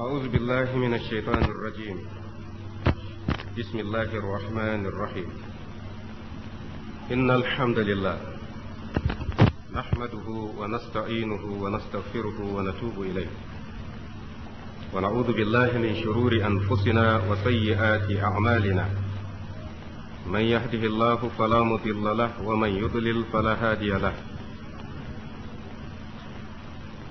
أعوذ بالله من الشيطان الرجيم بسم الله الرحمن الرحيم إن الحمد لله نحمده ونستعينه ونستغفره ونتوب إليه ونعوذ بالله من شرور أنفسنا وسيئات أعمالنا من يهده الله فلا مضل له ومن يضلل فلا هادي له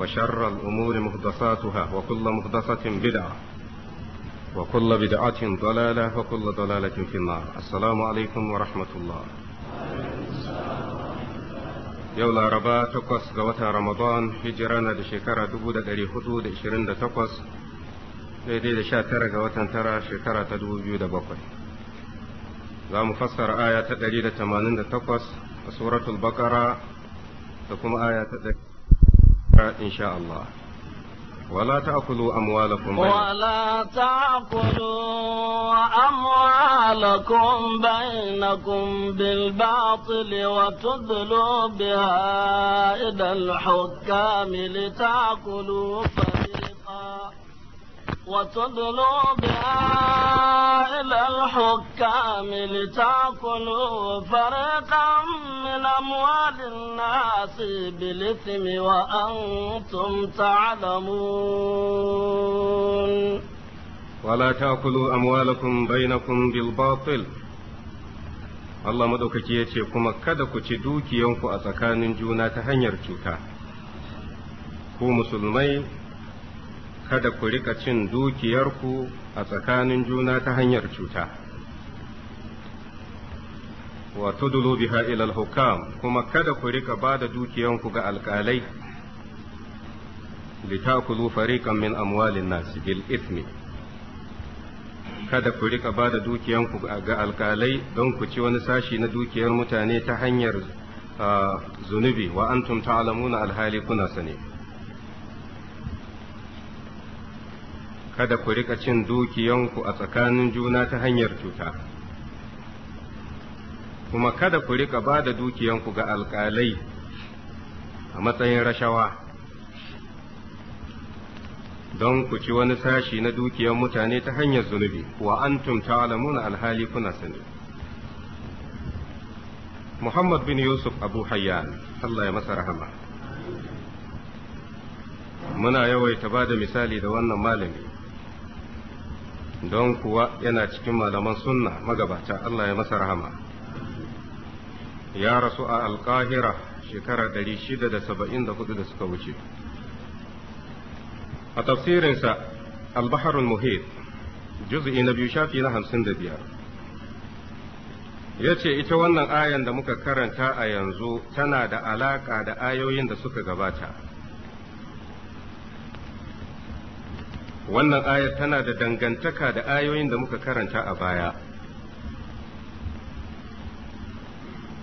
وشر الأمور مهدفاتها وكل مهدفة بدعة وكل بدعة ضلالة وكل ضلالة في النار السلام عليكم ورحمة الله يولا ربا تقص قوتا رمضان هجرانا لشكرة دبودة غري حدود شرندة تقص لديد شاترة قوتا ترى شكرة تدوجود بقر لا مفسر آية تدريد تمانين تقص سورة البقرة تقوم آية تدريد إن شاء الله ولا تأكلوا أموالكم ولا تأكلوا أموالكم بينكم بالباطل وتدلوا بها إلى الحكام لتأكلوا فريقا وتضلوا بها إلى الحكام لتأكلوا فريقا من أموال الناس بالإثم وأنتم تعلمون ولا تأكلوا أموالكم بينكم بالباطل Allah madaukaki ya ce kuma kada ku ci dukiyanku a tsakanin juna ta hanyar cuta, ku musulmai kada ku rika cin dukiyarku a tsakanin juna ta hanyar cuta wa tudulu biha ilal hukam kuma kada ku rika ba da dukiyanku ga alkalai litakulu fariqan min amwalin nasi bil ithmi kada ku rika ba da dukiyanku ga alkalai don ku ci wani sashi na dukiyar mutane ta hanyar ah, zunubi wa antum ta'lamuna alhali kuna sane kada ku rika cin dukiyanku a tsakanin juna ta hanyar cuta kuma kada ku rika ba da dukiyanku ga alƙalai a matsayin rashawa don ku ci wani sashi na dukiyan mutane ta hanyar zunubi wa an antum lamuna alhali kuna sani Muhammad bin Yusuf Abu Hayyan Allah ya masa rahama muna yawaita ba da misali da wannan malami don kuwa yana cikin malaman sunna magabata Allah ya masa rahama ya rasu a alkahira shekara 674 da suka wuce a tafsirinsa albaharul muhit juz'i na biyu shafi na hamsin ya ce ita wannan ayan da muka karanta a yanzu tana da alaƙa da ayoyin da suka gabata wannan ayar tana da dangantaka da ayoyin da muka karanta a baya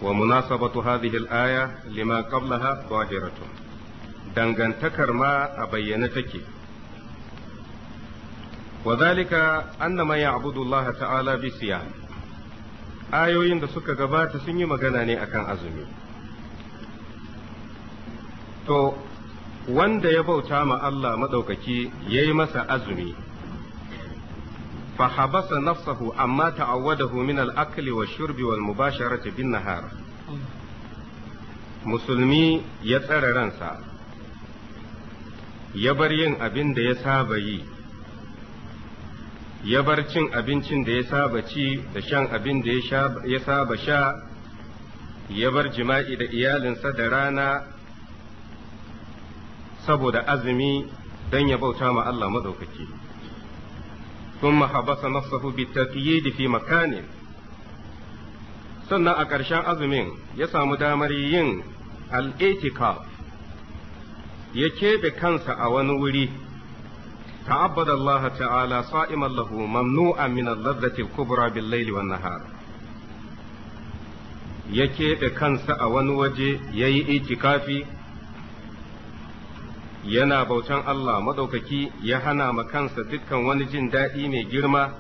wa munasabatu hadhihi al-aya lima qablaha zahiratun dangantakar ma a bayyane take وذلك أن من يعبد الله تعالى بصيام ayoyin da suka gabata sun yi magana ne akan azumi to wanda ya bauta ma Allah maɗaukaki ya yi masa azumi fahabasa nafsahu amma ta'awadahu min al-akli wa shurbi wal mubasharati bin nahar musulmi ya tsare ransa ya bar yin abin da ya saba yi ya bar cin abincin da ya saba ci da shan abin da ya saba sha ya bar jima'i da iyalinsa da rana saboda azumi don ya bauta ma Allah maɗaukaki. ثم حبس نفسه بالتقييد في مكان sannan a ƙarshen azumin ya samu damar yin al'itikaf ya keɓe kansa a wani wuri ta'abbada ta'ala sa'iman lahu mamnu'a min al-ladzati kubra bil laili ya keɓe kansa a wani waje yayi itikafi yana bautan Allah maɗaukaki ya hana ma kansa dukkan wani jin daɗi mai girma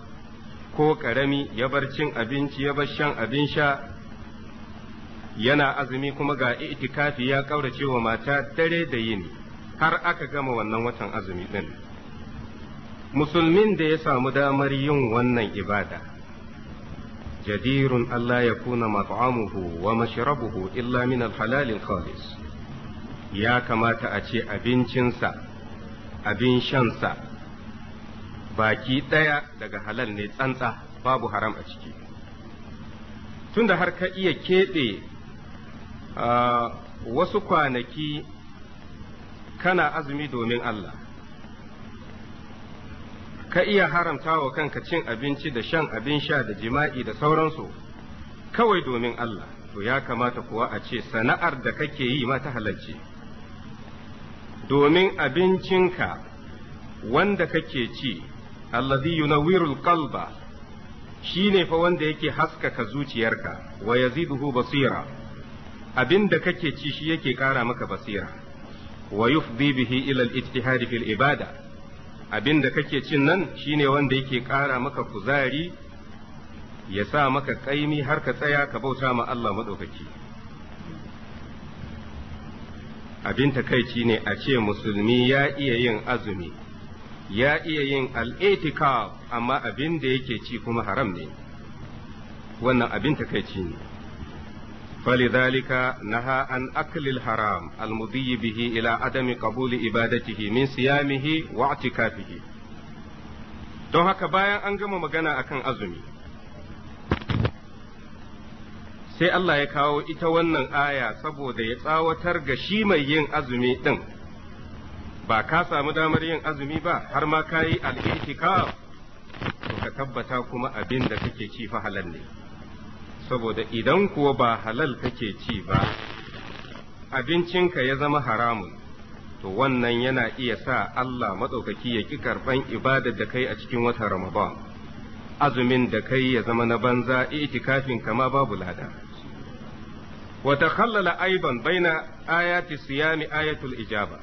ko ƙarami ya bar cin abinci ya bar shan abin sha yana azumi kuma ga itikafi ya ƙaurace wa mata dare da yini har aka gama wannan watan azumi ɗin. Musulmin da ya samu damar yin wannan ibada, jadirun Allah ya kuna mat'amuhu wa mashrabuhu illa min alhalalin khalis. ya kamata a ce abincinsa abin shansa baki ɗaya daga halal ne tsantsa babu haram a ciki tunda har ka iya keɓe wasu kwanaki kana azumi domin Allah ka iya haramta wa kanka cin abinci da shan abin sha da jima'i da sauransu kawai domin Allah to ya kamata kuwa a ce sana'ar da kake yi ma ta halarci domin abincinka wanda kake ci allazi yunawwirul qalba ne fa wanda yake haskaka zuciyarka wa yaziduhu basira abinda kake ci shi yake kara maka basira wa yufdi bihi ilal al fil ibada abinda kake cin nan shine wanda yake ƙara maka kuzari ya sa maka ƙaimi har ka tsaya ka bauta ma Allah madaukaki abin takaici ne a ce musulmi ya iya yin azumi ya iya yin al'itikaf amma abin da yake ci kuma haram ne wannan abin takaici ne فلذلك نهى عن أكل الحرام المضي به إلى عدم قبول إبادته من صيامه واعتكافه don haka bayan an gama magana akan azumi sai Allah ya kawo ita wannan aya saboda ya tsawatar ga shi mai yin azumi ɗin ba ka samu damar yin azumi ba har ma ka yi al'itikaf to ka tabbata kuma abin da kake ci fa halal ne saboda idan kuwa ba halal kake ci ba abincin ka ya zama haramun to wannan yana iya sa Allah maɗaukaki ya ƙi karɓan ibadar da kai a cikin wata Ramadan azumin da kai ya zama na banza itikafin kama babu lada وتخلل أيضا بين آيات الصيام آية الإجابة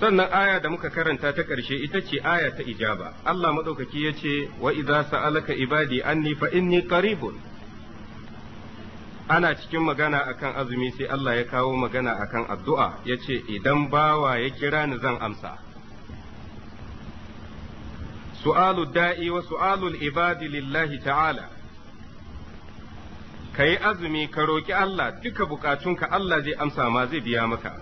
sannan aya da muka karanta ta ƙarshe ita ce aya ta ijaba Allah maɗaukaki ya ce wa idza sa'alaka ibadi anni fa inni qaribun ana cikin magana akan azumi sai Allah ya kawo magana akan addu'a ya ce idan bawa ya kira ni zan amsa su'alu da'i wa su'alul ibadi lillahi ta'ala ka yi azumi ka roƙi Allah duka bukatunka Allah zai amsa ma zai biya maka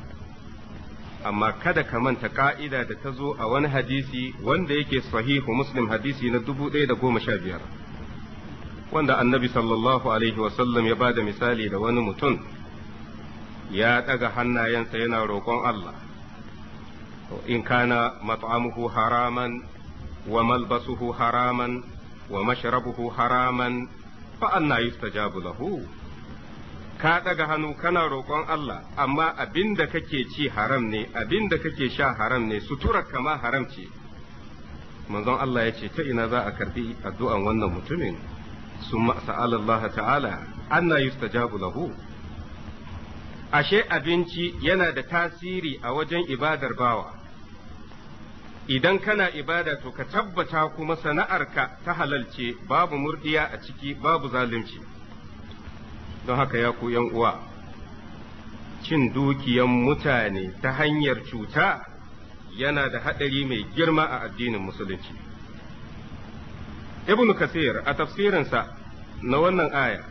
amma kada ka manta ka'ida da ta zo a wani hadisi wanda yake sahihu muslim hadisi na dubu ɗaya da goma sha biyar wanda annabi sallallahu alaihi wasallam ya bada misali da wani mutum ya ɗaga hannayensa yana roƙon Allah in kana mat'amuhu haraman wa malbasuhu haraman wa mashrabuhu haraman fa anna yustajabu lahu ka ɗaga hannu kana roƙon Allah amma abin da kake ci haram ne abin da kake sha haram ne sutura kama haram ce manzon Allah ya ce ta ina za a karbi addu'an wannan mutumin sun sa'ala Allah ta'ala anna yustajabu lahu ashe abinci yana da tasiri a wajen ibadar bawa idan kana ibada to ka tabbata kuma sana'arka ta halalce babu murdiya a ciki babu zalunci don haka ya ku yan uwa cin dukiyan mutane ta hanyar cuta yana da haɗari mai girma a addinin musulunci ibnu kasir a tafsirinsa na wannan aya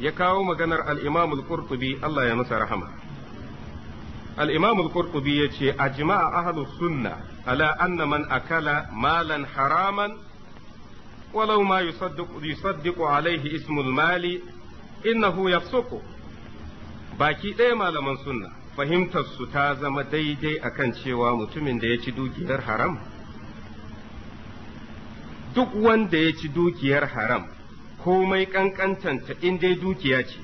ya kawo maganar al'imamul qurtubi Allah ya masa rahama al'imamul qurtubi ya ce a jima'a ahlus sunna Ala'annaman akala malam haraman walau ma yusaddiqu alaihi ismul mali innahu yafsuku baki ɗaya malaman sunna fahimtar su ta zama daidai akan cewa mutumin da ya ci dukiyar haram duk wanda ya ci dukiyar haram komai kankantanta in dai dukiya ce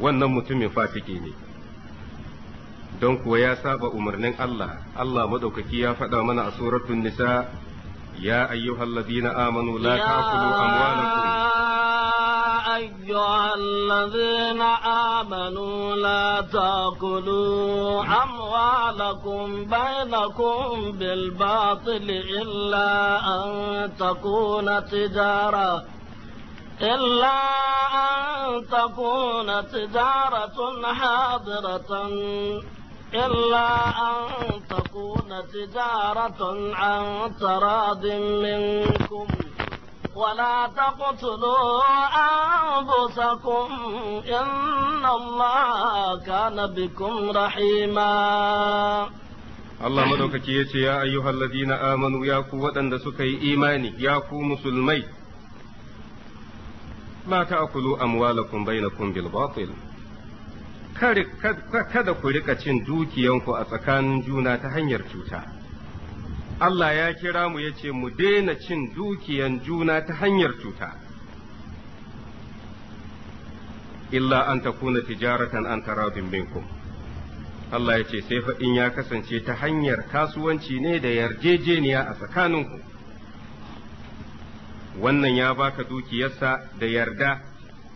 wannan mutumin fasiki ne don kuwa ya saba umarnin Allah Allah madaukaki ya faɗa mana a suratul nisa ya ayyuhal ladina amanu la ta'kulu amwalakum أيها الذين آمنوا لا تأكلوا أموالكم بينكم بالباطل إلا أن تكون تجارة إلا أن تكون تجارة حاضرة إلا أن تكون تجارة عن تراض منكم ولا تقتلوا أنفسكم إن الله كان بكم رحيما الله مدوك يا أيها الذين آمنوا يا قوة دسكي إيماني يا قو مسلمي لا تأكلوا أموالكم بينكم بالباطل kada ku rika cin dukiyanku a tsakanin juna ta hanyar cuta. Allah ya kira mu ya ce mu daina cin dukiyan juna ta hanyar cuta. Illa an ta kuna tijaratan an tarabin minkum. Allah ya ce sai faɗin ya kasance ta hanyar kasuwanci ne da yarjejeniya a tsakaninku. Wannan ya baka dukiyarsa da yarda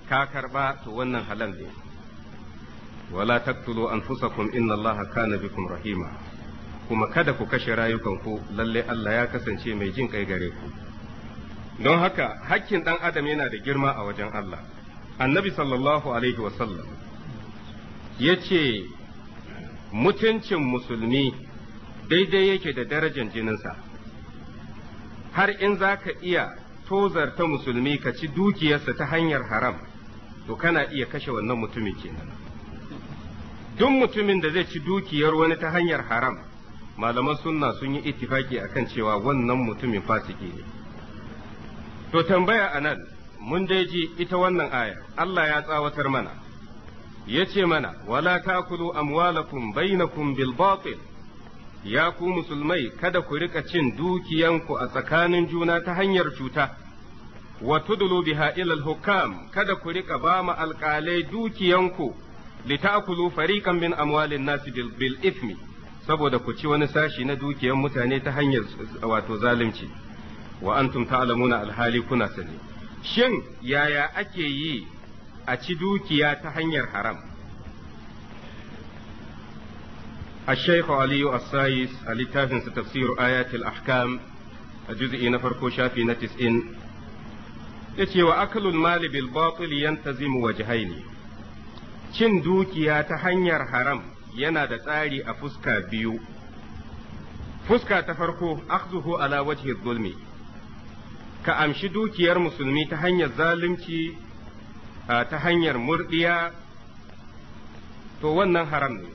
ka karɓa to wannan halal ne. wala تقتلوا انفسكم inna allaha كان بكم rahima kuma kada ku kashe rayukanku lallai Allah ya kasance mai jin kai gare ku don haka hakkin ɗan adam yana da girma a wajen Allah annabi sallallahu alaihi wasallam ya ce mutuncin musulmi daidai yake da darajar jininsa har in za ka iya tozarta musulmi ka ci dukiyarsa ta hanyar haram to kana iya kashe wannan mutumin kenan duk mutumin da zai ci dukiyar wani ta hanyar haram malaman sunna sun yi ittifaki akan cewa wannan mutumin fasiki ne to tambaya anan mun dai ji ita wannan aya Allah ya tsawatar mana yace mana wala takulu amwalakum bainakum bil batil ya ku musulmai kada ku rika cin dukiyanku a tsakanin juna ta hanyar cuta wa tudlu biha ilal hukam kada ku rika ba ma alƙalai dukiyanku litakulu fariqan min amwalin nasi bil saboda ku ci wani sashi na dukiyar mutane ta hanyar wato zalunci wa antum ta'lamuna alhali kuna sani shin yaya ake yi a ci dukiya ta hanyar haram الشيخ علي السايس littafinsa تفسير آيات الأحكام الجزء نفر شافي نتسئن يتي وأكل المال بالباطل ينتزم وجهين cin dukiya ta hanyar haram yana da tsari a fuska biyu fuska ta farko akhzuhu ala wajhi zulmi ka amshi dukiyar musulmi ta hanyar zalunci ta hanyar murdiya to wannan haram ne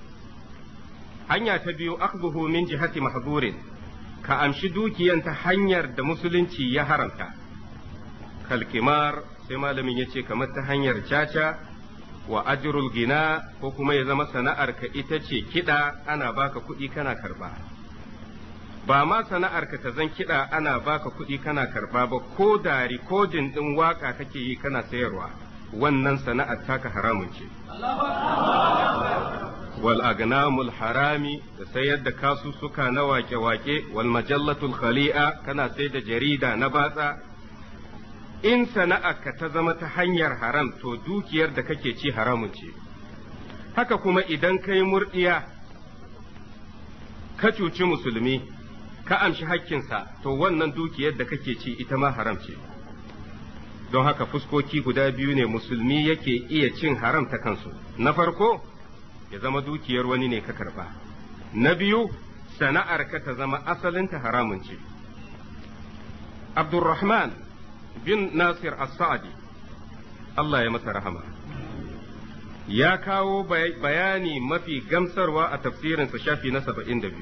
hanya ta biyu akhzuhu min jihati mahzurin ka amshi dukiyan ta hanyar da musulunci ya haramta kalkimar sai malamin ya ce kamar ta hanyar caca wa ajrul gina ko kuma ya zama sana'arka ita ce kiɗa ana baka kuɗi kana karba ba ma sana'arka ta zan kiɗa ana baka kuɗi kana karba ba ko da rikodin ɗin waka kake yi kana sayarwa wannan sana'ar taka haramun ce wal agnamul harami da sayar da kasussuka na wake-wake wal majallatul khali'a kana sai da jarida na batsa in ka ta zama ta hanyar haram to dukiyar da kake ci haramun ce haka kuma idan kai murdiya ka cuci musulmi ka amshi hakkinsa to wannan dukiyar da kake ci ita ma haram ce don haka fuskoki guda biyu ne musulmi yake iya cin haram ta kansu na farko ya zama dukiyar wani ne ka karba na biyu sana'ar ka ta zama asalinta haramun ce Abdulrahman. bin Nasir As-Sa'di Allah ya masa rahama ya kawo bayani mafi gamsarwa a tafsirinsa shafi na 72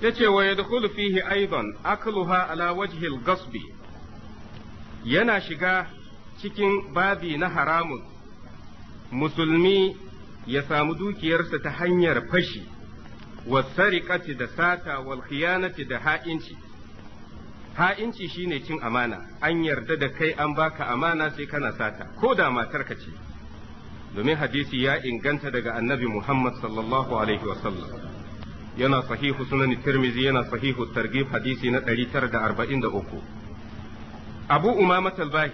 yace wa yadkhulu fihi aidan akluha ala wajhil gasbi yana shiga cikin babi na haramun musulmi ya samu dukiyarsa ta hanyar fashi wa wasariƙati da sata wal khiyanati da ha'inci ha'inci shi ne cin amana an yarda da kai an baka amana sai kana sata ko da matarka ce domin hadisi ya inganta daga annabi Muhammad sallallahu alaihi wasallam yana sahihu sunan tirmizi yana sahihu targhib hadisi na 943 abu umama al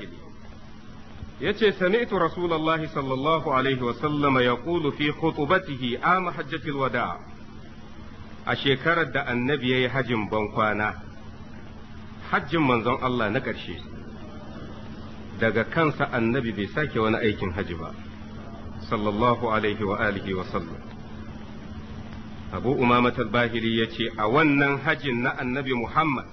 ya ce sami'tu rasulallahi sallallahu alaihi ya yaqulu fi khutubatihi a hajjatil wada' a shekarar da annabi ya yi hajin bankwana hajjin manzon Allah na ƙarshe daga kansa annabi bai sake wani aikin haji ba sallallahu alaihi wa alihi wa sallam abu umama bahiri ya ce a wannan hajjin na annabi muhammad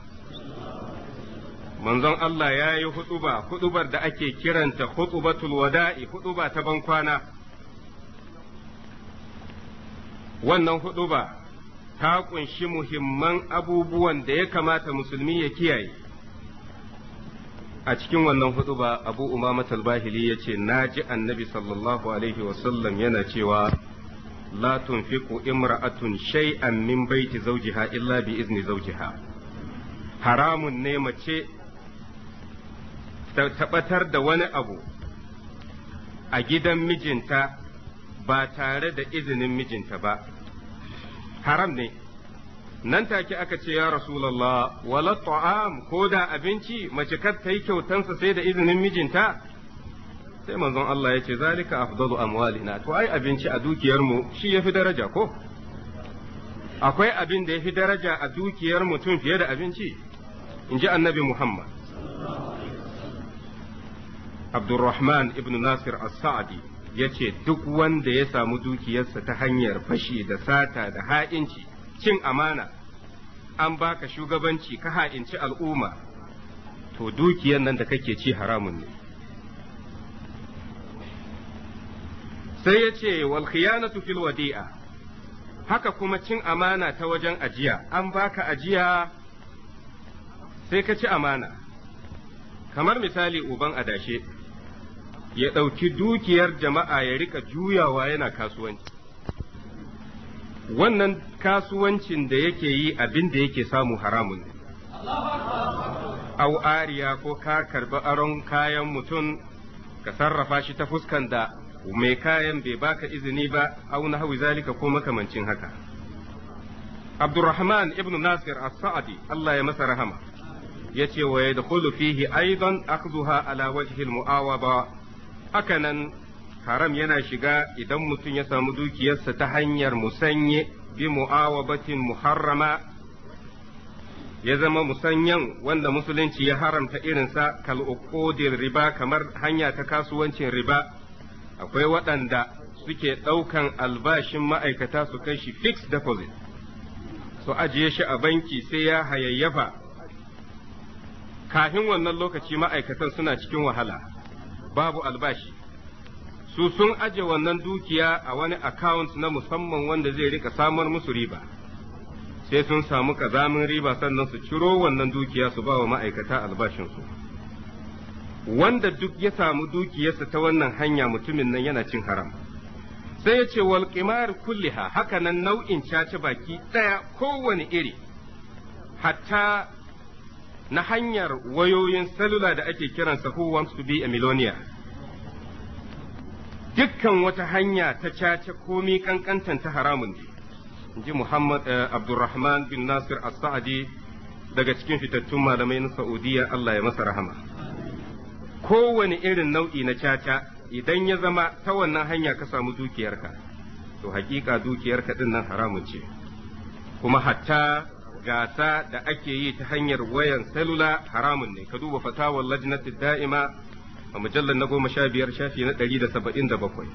manzon Allah ya yi huɗuba huɗubar da ake kiranta huɗubatul wada'i huɗuba ta bankwana wannan huɗuba ta ƙunshi muhimman abubuwan da ya kamata musulmi ya kiyaye. A cikin wannan hudu ba Abu Umama Talbahili ya ce, Na ji annabi sallallahu Alaihi wasallam yana cewa, La tunfiqu imra'atun shay'an min baiti zawjiha illa bi izni zawjiha. Haramun ne mace ta tabbatar da wani abu a gidan mijinta ba tare da izinin mijinta ba. haram ne nan take aka ce ya rasulallah wala ta'am ko da abinci mace kar ta yi kyautansa sai da izinin mijinta sai manzon Allah ya ce zalika afdalu amwalina to ai abinci a dukiyarmu shi yafi daraja ko akwai abin da yafi daraja a dukiyar mutum fiye da abinci in ji annabi Muhammad Abdurrahman ibn Nasir as-Sa'di ya ce duk wanda ya samu dukiyarsa ta hanyar fashi da sata da ha'inci cin amana an baka shugabanci ka ha'inci al'umma to dukiyar nan da kake ci haramun ne sai ya ce wal khiyanatu fil wadi'a haka kuma cin amana ta wajen ajiya an baka ajiya sai ka ci amana kamar misali uban adashe ya ɗauki dukiyar jama'a ya rika juyawa yana kasuwanci wannan kasuwancin da yake yi abin da yake samu haramun ne au ariya ko ka karbi aron kayan mutum ka sarrafa shi ta fuskan da mai kayan bai baka izini ba au na hawi zalika ko makamancin haka abdurrahman ibn nasir as-sa'di Allah ya masa rahama yace wa yadkhulu fihi aidan akzuha ala wajhil muawaba hakanan haram yana shiga idan mutum ya samu dukiyarsa ta hanyar musanye bi mu'awabatin muharrama ya zama musanyan wanda musulunci ya haramta irinsa kal'uqudin riba kamar hanya ta kasuwancin riba akwai waɗanda suke ɗaukan albashin ma'aikata su kai shi fixed deposit su ajiye shi a banki sai ya hayayyafa kafin wannan lokaci ma'aikatan suna cikin wahala babu albashi su sun aje wannan dukiya a wani account na musamman wanda zai rika samar musu riba sai sun samu kazamin riba sannan su ciro wannan dukiya su ba wa ma'aikata albashinsu wanda duk ya samu dukiyarsa ta wannan hanya mutumin nan yana cin haram sai ya ce wal qimar kulliha hakanan nau'in cace baki daya kowane iri hatta na hanyar wayoyin salula da ake kiransa who wants to be a millionaire dukkan wata hanya ta cace komi kankantan ta haramun ne inji Muhammad eh, Abdulrahman bin Nasir As-Sa'di daga cikin fitattun malamai na Saudiya Allah ya masa rahama kowane irin nau'i na caca idan ya zama ta wannan hanya ka samu dukiyarka to haƙiƙa dukiyarka din nan haramun ce kuma hatta gasa da ake yi ta hanyar wayan salula haramun ne ka duba fatawar lajnati da'ima a mujallar na goma sha biyar shafi na ɗari da saba'in da bakwai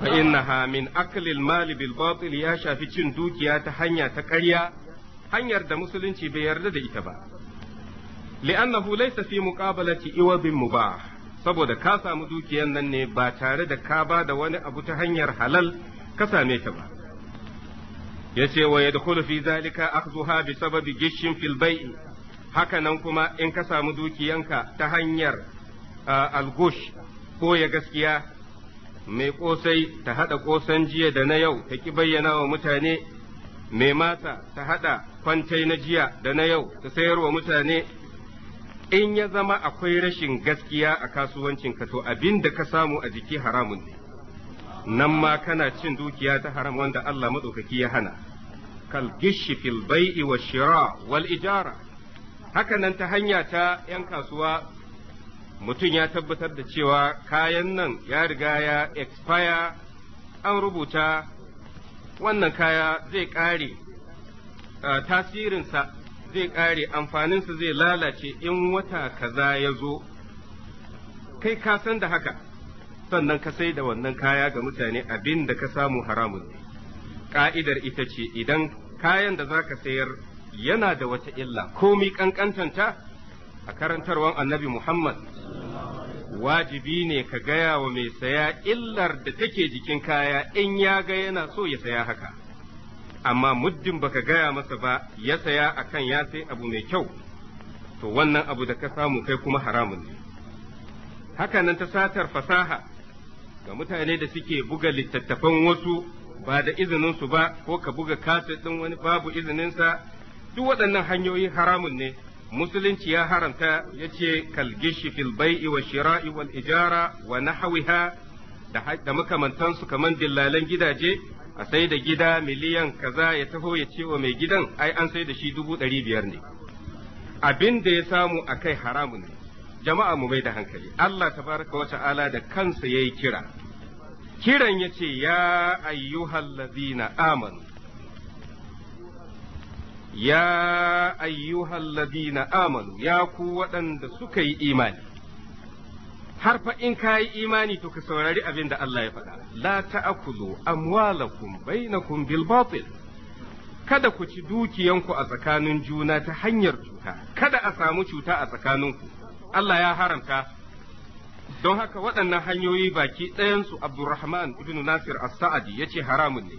fa innaha min aklil mali bil batil ya shafi cin dukiya ta hanya ta ƙarya hanyar da musulunci bai yarda da ita ba li'annahu laysa fi muqabalati iwabin mubah saboda ka samu dukiyan nan ne ba tare da ka ba da wani abu ta hanyar halal ka same ta ba yace wa yadkhulu fi zalika akhdhuha bi sababi jishin fil bai'i haka nan kuma in ka samu dukiyanka ta hanyar algush ko ya gaskiya mai kosai ta hada kosan jiya da na yau ta ki bayyana wa mutane mai mata ta hada kwantai na jiya da na yau ta sayar wa mutane in ya zama akwai rashin gaskiya a kasuwancinka to abin da ka samu a jiki haramun ne nan ma kana cin dukiya ta haram wanda Allah madaukaki ya hana kal gishi fil bai'i wa shira wal ijara haka nan ta hanya ta yan kasuwa mutum ya tabbatar da cewa kayan nan ya riga ya expire an rubuta wannan kaya zai ƙare tasirinsa zai ƙare amfaninsa zai lalace in wata kaza ya zo kai ka san da haka sannan ka sai da wannan kaya ga mutane abin da ka samu haramun ne ka'idar ita ce idan kayan da za ka sayar yana da wata illa komi kankantanta a karantarwan annabi Muhammad wajibi ne ka gaya wa mai saya illar da take jikin kaya in ya ga yana so ya saya haka amma muddin baka gaya masa ba ya saya akan ya sai abu mai kyau to wannan abu da ka samu kai kuma haramun ne hakanan ta satar fasaha ga mutane da suke buga littattafan wasu ba da izininsu ba ko ka buga kaset ɗin wani babu izininsa duk waɗannan hanyoyi haramun ne musulunci ya haramta ya ce kalgishi fil bai'i wa shira'i wal ijara wa nahawiha da makamantansu kaman dillalan gidaje a sai da gida miliyan kaza ya taho ya ce wa mai gidan ai an sai da shi dubu ɗari biyar ne abin da ya samu a kai haramun ne jama'a mu mai da hankali Allah tabaraka wa ta'ala da kansa yayi kira kiran yace ya ayyuhallazina amanu ya ayyuhallazina amanu ya ku waɗanda suka yi imani har fa in ka yi imani to ka saurari abin da Allah ya faɗa la ta'kulu amwalakum bainakum bil batil kada ku ci dukiyanku a tsakanin juna ta hanyar cuta kada a samu cuta a tsakaninku Allah ya haramta don haka waɗannan hanyoyi baki ɗayansu Abdurrahman ibn Nasir as-Sa'adi yace haramun ne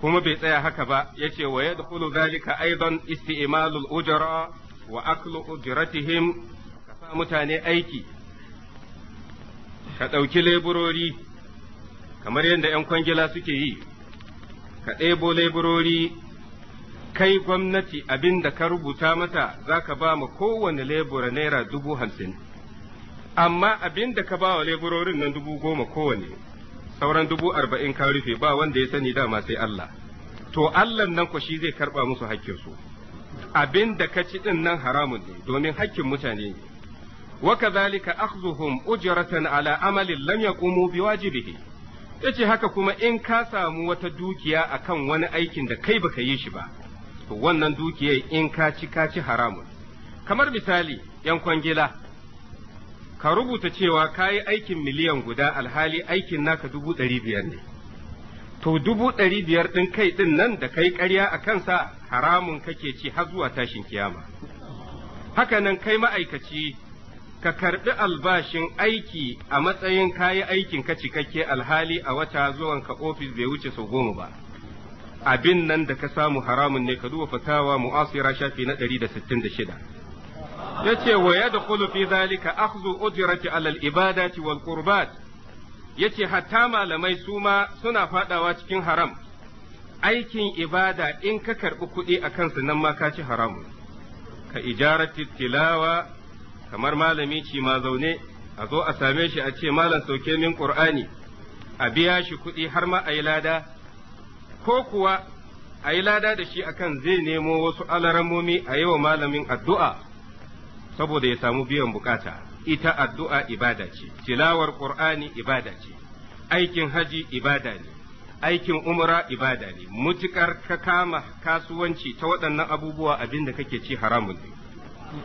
kuma bai tsaya haka ba yace wa dukulu zalika aidan isti'malul ujra wa aklu ujratihim ka sa mutane aiki ka ɗauki leburori kamar yadda ‘yan kwangila suke yi ka ɗebo leburori kai gwamnati abin da ka rubuta mata za ka ba mu kowane lebura naira dubu hamsin amma abin da ka ba wa leburorin nan dubu goma kowane sauran dubu arba'in ka rufe ba wanda ya sani dama sai Allah to Allah nan ko shi zai karba musu hakkinsu abin da ka ci din nan haramun ne domin hakkin mutane ne wa kadhalika akhdhuhum ujratan ala amalin lam yaqumu biwajibihi yace haka kuma in ka samu wata dukiya akan wani aikin da kai baka yi shi ba to wannan dukiyar in ka ci ka ci haramun kamar misali yan kwangila ka rubuta cewa ka yi aikin miliyan guda alhali aikin naka dubu ɗari biyar ne to dubu ɗari biyar ɗin kai ɗin nan da kai ƙarya a kansa haramun kake ci har zuwa tashin kiyama hakanan kai ma'aikaci ka karɓi albashin aiki a matsayin kayi aikin ka cikakke alhali a wata zuwan ka ofis bai wuce sau goma ba abin nan da ka samu haramun ne ka duba fatawa mu'asira shafi na 166 yace wa yadkhulu fi zalika akhdhu ujrati ala al-ibadati wal qurbat yace hatta malamai su ma suna fadawa cikin haram aikin ibada in ka karbi kuɗi a kansu nan ma ka ci haramu? ka ijarati tilawa kamar malami ci ma zaune a zo a same shi a ce malam sauke min qur'ani a biya shi kuɗi har ma a yi lada ko kuwa a yi lada da shi akan zai nemo wasu alaramomi a yi wa malamin addu'a saboda ya samu biyan bukata ita addu'a ibada ce tilawar ƙur'ani ibada ce aikin haji ibada ne aikin umra ibada ne mutukar ka kama kasuwanci ta waɗannan abubuwa abin da kake ci haramun ne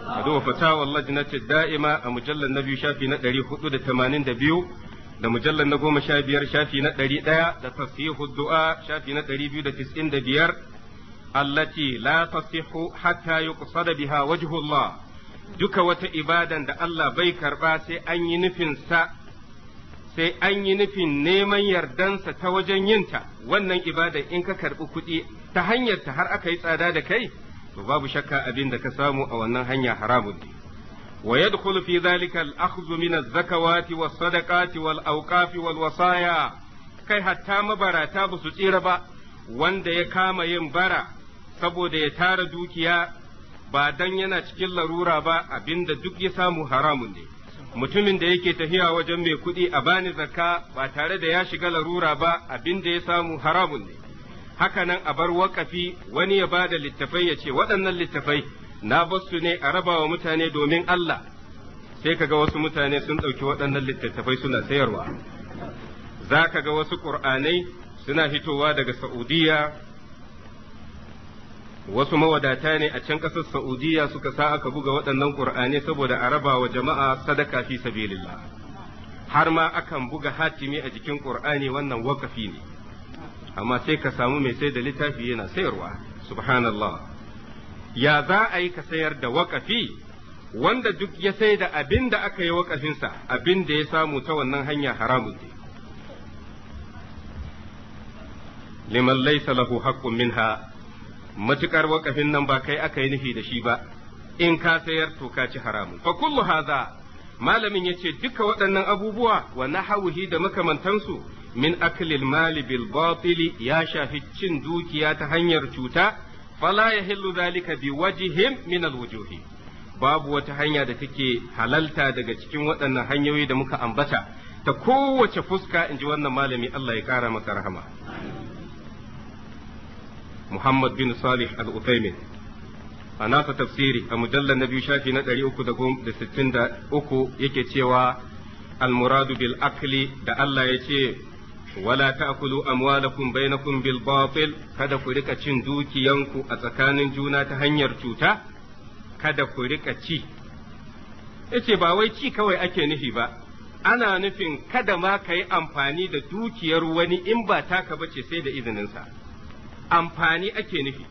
a duba na ce da'ima a mujallar na biyu shafi na ɗari hudu da tamanin da biyu da mujallar na goma sha biyar shafi na ɗari ɗaya da tasihu du'a shafi na ɗari biyu da tis'in da biyar allati la tasihu hatta yuqsada biha wajhullah duka wata ibadan da Allah bai karba sai an yi nufin sa sai an yi nufin neman yardansa ta wajen yinta wannan ibada in ka karɓi kuɗi ta hanyar ta har aka yi tsada da kai to babu shakka abin da ka samu a wannan hanya haramun ne ويدخل في ذلك الأخذ من الزكوات والصدقات والأوقاف والوصايا kai hatta mabarata ba su tsira ba wanda ya kama yin bara saboda ya tara dukiya ba dan yana cikin larura ba abinda duk ya samu haramun ne mutumin da yake tafiya wajen mai kuɗi a bani zakka ba tare da ya shiga larura ba abinda ya samu haramun ne hakanan a bar wakafi wani ya bada littafai ya ce waɗannan littafai na basu ne a rabawa mutane domin Allah sai kaga wasu mutane sun ɗauki waɗannan littattafai suna sayarwa za ka ga wasu ƙur'anai suna hitowa daga Saudiya wasu mawadata ne a can ƙasar sa'udiyya suka sa aka buga waɗannan ƙur'anai saboda a raba wa jama'a sadaka fi sabilillah har ma akan buga hatimi a jikin ƙur'ani wannan wakafi ne amma sai ka samu mai sai da littafi yana sayarwa subhanallah ya za a yi ka sayar da wakafi wanda duk ya sai da abin da aka yi waƙafinsa abin da ya samu ta wannan hanya haramun ne liman laisa lahu haƙƙun minha Matuƙar waƙafin nan ba kai aka yi nufi da shi ba in ka sayar to ka ci haramun fa kullu hadha malamin yace duka waɗannan abubuwa wa nahawihi da makamantansu min aklil mali bil batili ya shafi cin dukiya ta hanyar cuta fala yahillu zalika bi wajhin min babu wata hanya da take halalta daga cikin waɗannan hanyoyi da muka ambata ta kowace fuska in ji wannan malami Allah ya kara masa rahama Muhammad bin Salih al-Uthaymin a nasa tafsiri a mujallar na biyu shafi na 363 yake cewa al-muradu bil akli da Allah ya ce wala ta'kulu amwalakum بينكم bil kada ku rika cin dukiyanku a tsakanin juna ta hanyar cuta kada ku rika ci yace ba wai ci kawai ake nufi ba ana nufin kada ma ka yi amfani da dukiyar wani in ba taka bace sai da izininsa amfani ake nufi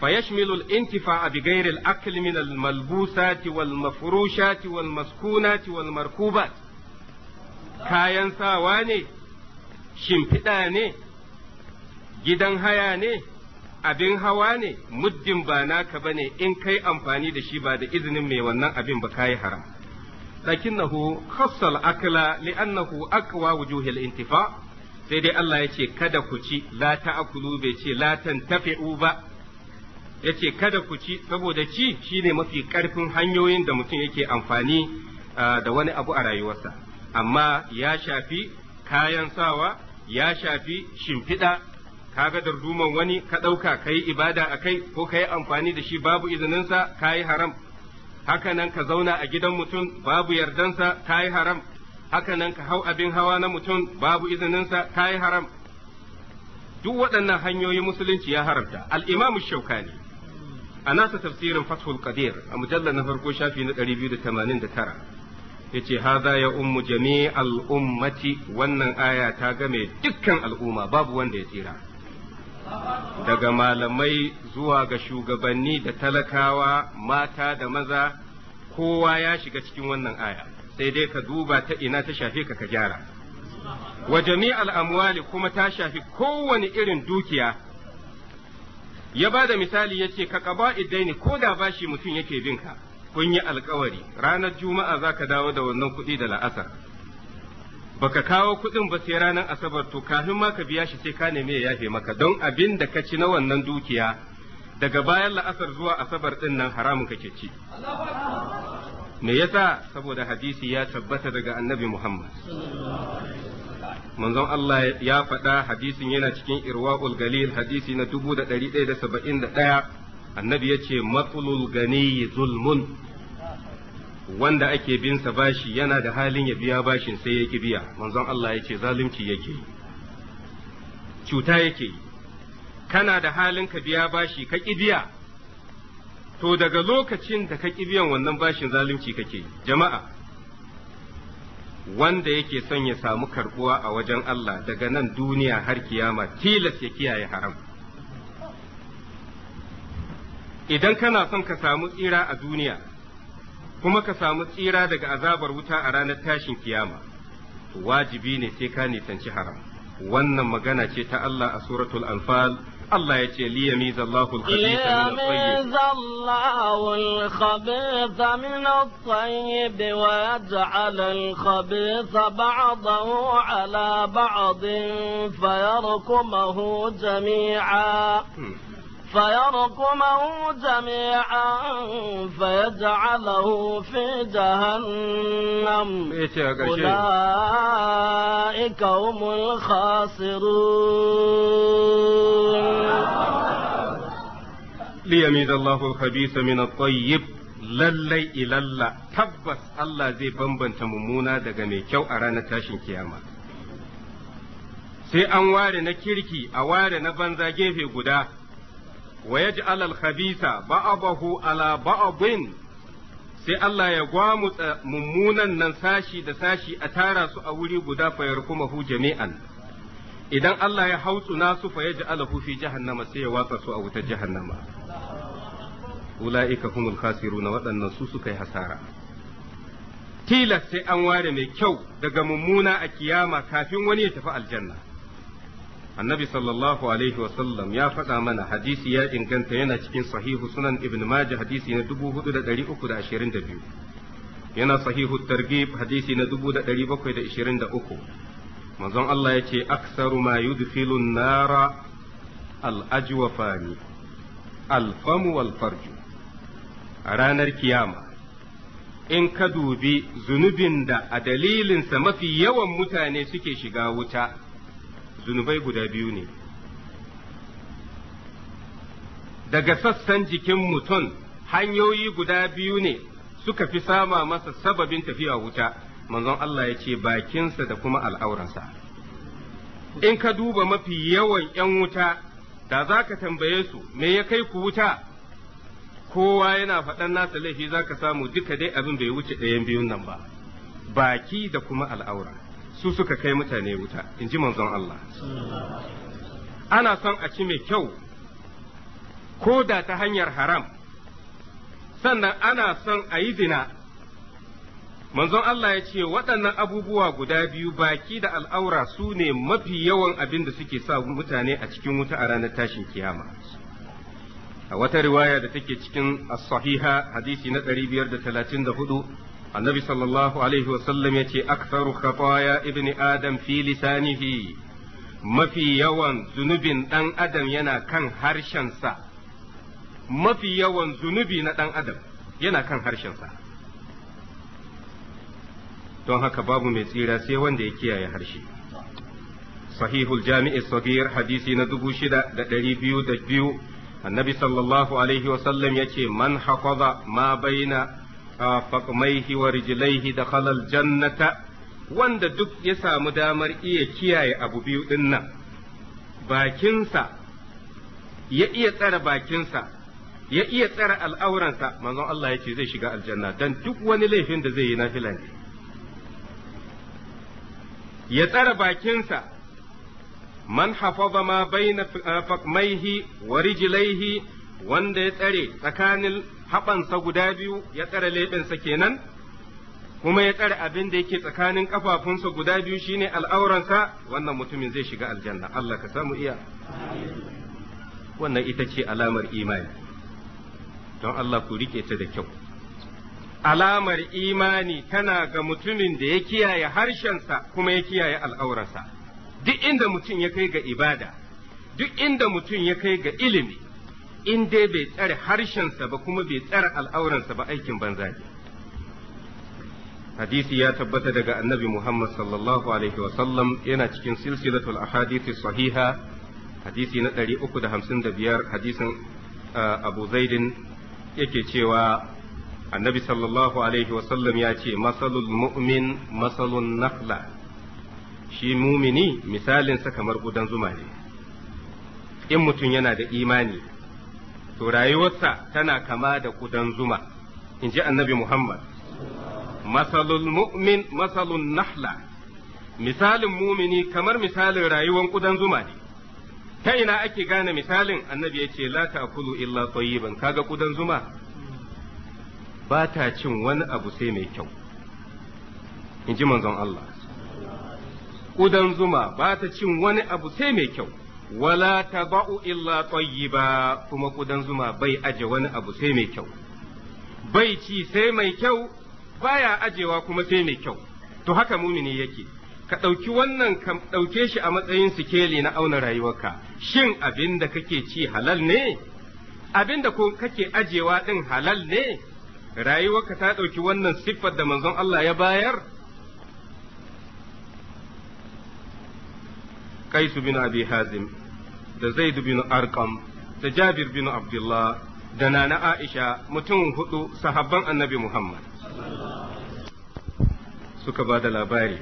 فيشمل الانتفاع بغير الأكل من الملبوسات والمفروشات والمسكونات والمركوبات kayan sawa ne shimfiɗa ne gidan haya ne abin hawa ne muddin ba naka ba ne in kai amfani da shi ba da izinin mai wannan abin ba kayi haram lakinnahu khassal akla li'annahu aqwa wujuhil intifa sai dai Allah ya ce kada ku ci la ta'kulu bai ce la tantafi'u ba yace kada ku ci saboda ci shine mafi karfin hanyoyin da mutum yake amfani ah, da wani abu a rayuwarsa amma ya shafi kayan sawa ya shafi shimfiɗa ka ga darduman wani ka ɗauka ka yi ibada a kai ko ka yi amfani da shi babu izininsa ka yi haram haka nan ka zauna a gidan mutum babu yardansa ka yi haram haka nan ka hau abin hawa na mutum babu izininsa ka yi haram duk waɗannan hanyoyi musulunci ya haramta al'imamu shaukani a nasa tafsirin fathul qadir a mujallar na farko shafi na 289 yace haza ya ummu jami'al ummati wannan aya ta game dukkan al'umma babu wanda ya tsira daga malamai zuwa ga shugabanni da talakawa mata da maza kowa ya shiga cikin wannan aya sai dai ka duba ta ina ta shafe ka ka gyara wa jami'al amwali kuma ta shafi koWani irin dukiya ya ba da misali yace ka qaba'id daini ko da bashi mutum yake bin ka kun yi alkawari ranar juma'a za ka dawo da wannan kuɗi da la'asar baka kawo kuɗin ba sai ranar asabar to kafin ma ka biya shi sai ka nemi ya yafe maka don abin da ka ci na wannan dukiya daga bayan la'asar zuwa asabar ɗin nan haramun kake ci me yasa saboda hadisi ya tabbata daga annabi muhammad manzon Allah ya faɗa hadisin yana cikin irwa'ul galil hadisi na dubu da ɗari ɗaya da saba'in da ɗaya annabi ya ce matsulul gani zulmun wanda ake bin sa bashi yana da halin ya biya bashin sai ya ki biya manzon Allah ya ce zalunci yake yi cuta yake yi kana da halin ka biya bashi ka ki biya to daga lokacin da ka ki biyan wannan bashin zalunci kake yi jama'a wanda yake son ya samu karbuwa a wajen Allah daga nan duniya har kiyama tilas ya kiyaye haram idan kana son ka samu tsira a duniya kuma ka samu tsira daga azabar wuta a ranar tashin kiyama wajibi ne sai ka nisanci haram wannan magana ce ta Allah a suratul anfal Allah ya ce liyamiz Allahu al-khabitha min at-tayyib wa yaj'al al-khabitha ba'dahu 'ala ba'din fayarkumahu jami'a hmm. فيرقمه جميعا فيجعله في جهنم أولئك هم الخاسرون ليميز الله الخبيث من الطيب lallai ilalla tabbas Allah zai bambanta mummuna daga mai kyau a ranar tashin kiyama sai an ware na kirki a ware na banza gefe guda wa yaj'al al-khabitha ba'dahu ala sai Allah ya gwamutsa mummunan nan sashi da sashi a tara su a wuri guda fa hu jami'an idan Allah ya hautsuna su fa yaj'alahu fi jahannama sai ya watsa su a wutar jahannama ula'ika humul khasiruna waɗannan su suka yi hasara tilas sai an ware mai kyau daga mummuna a kiyama kafin wani ya tafi aljanna annabi sallallahu alaihi ya faɗa mana hadisi ya inganta yana cikin sahihu sunan ibn majah hadisi na 4322 yana sahihu targhib hadisi na 1723 manzon Allah ya ce aksaru ma yudkhilu nara al-ajwafani al-famu wal farju a ranar kiyama in ka dubi zunubin da a dalilinsa mafi yawan mutane suke shiga wuta zunubai guda biyu ne daga sassan jikin mutum hanyoyi guda biyu ne suka fi sama masa sababin tafiya wuta manzon Allah ya ce bakinsa da kuma al'auransa in ka duba mafi yawan ‘yan wuta da za ka tambaye su me ya kai ku wuta kowa yana faɗan nasa laifi za ka samu duka dai abin bai wuce ɗayan biyun nan ba baki da kuma al'aura. su suka kai mutane wuta in ji manzon Allah ana son a ci mai kyau ko da ta hanyar haram sannan ana son a yi zina manzon Allah ya ce waɗannan abubuwa guda biyu baki da al'aura su ne mafi yawan abin da suke sa mutane a cikin wuta a ranar tashin kiyama a wata riwaya da take cikin as-sahiha hadisi na 534 annabi sallallahu alaihi wasallam ya ce aksaru khataya ibni adam fi lisanihi mafi yawan zunubin ɗan adam yana kan harshensa mafi yawan zunubi na ɗan adam yana kan harshensa don haka babu mai tsira sai wanda ya kiyaye harshe sahihul jami'i sagir hadisi na dubu shida da ɗari biyu da biyu annabi sallallahu alaihi wasallam ya ce man haƙaza ma baina فقميه ورجليه دخل الجنة wanda duk ya samu damar iya kiyaye abu biyu ɗin nan bakinsa ya iya tsara bakinsa ya iya tsara al'auransa manzon Allah ya ce zai shiga aljanna don duk wani laifin da zai yi na ne ya tsara bakinsa man hafaza ma baina fakmaihi wa rijlaihi wanda ya tsare tsakanin haɓansa guda biyu ya tsare leɓensa kenan kuma ya tsare abin da yake tsakanin ƙafafunsa guda biyu shine al'auransa wannan mutumin zai shiga aljanna Allah ka samu iya wannan ita ce alamar imani don Allah ku riƙe ta da kyau alamar imani tana ga mutumin da ya kiyaye harshensa kuma ya kiyaye al'aurarsa duk inda mutum ya kai ga ibada duk inda mutum ya kai ga ilimi in dai bai tsare harshensa ba kuma bai tsare al'auransa ba aikin banza ne hadisi ya tabbata daga annabi Muhammad sallallahu alaihi wasallam yana cikin silsilatul ahadithi sahiha hadisi na 355 hadisin uh, Abu Zaidin yake cewa annabi sallallahu alaihi wasallam ya ce masalul mu'min masalun nafla shi mumini misalinsa kamar gudan zuma ne in mutum yana da imani to rayuwarsa tana kama da kudan zuma in ji annabi Muhammad masalul mu'min masalun nahla misalin mumini kamar misalin rayuwar kudan zuma ne ta ina ake gane misalin annabi ya ce la ta'kulu illa tayyiban kaga kudan zuma ba ta cin wani abu sai mai kyau in ji manzon Allah kudan zuma ba ta cin wani abu sai mai kyau wala taba'u illa tayyiba kuma kudan zuma bai aje wani abu sai mai kyau bai ci sai mai kyau baya ajewa kuma sai mai kyau to haka mumini yake ka ɗauki wannan ka ɗauke shi a matsayin sikeli na auna rayuwarka shin abin da kake ci halal ne abin da kake ajewa din halal ne rayuwarka ta ɗauki wannan siffar da manzon Allah ya bayar Kaisu bin Abi Hazim da zaid bin arqam da jabir bin abdullah da nana aisha mutum hudu sahabban annabi muhammad suka ba da labari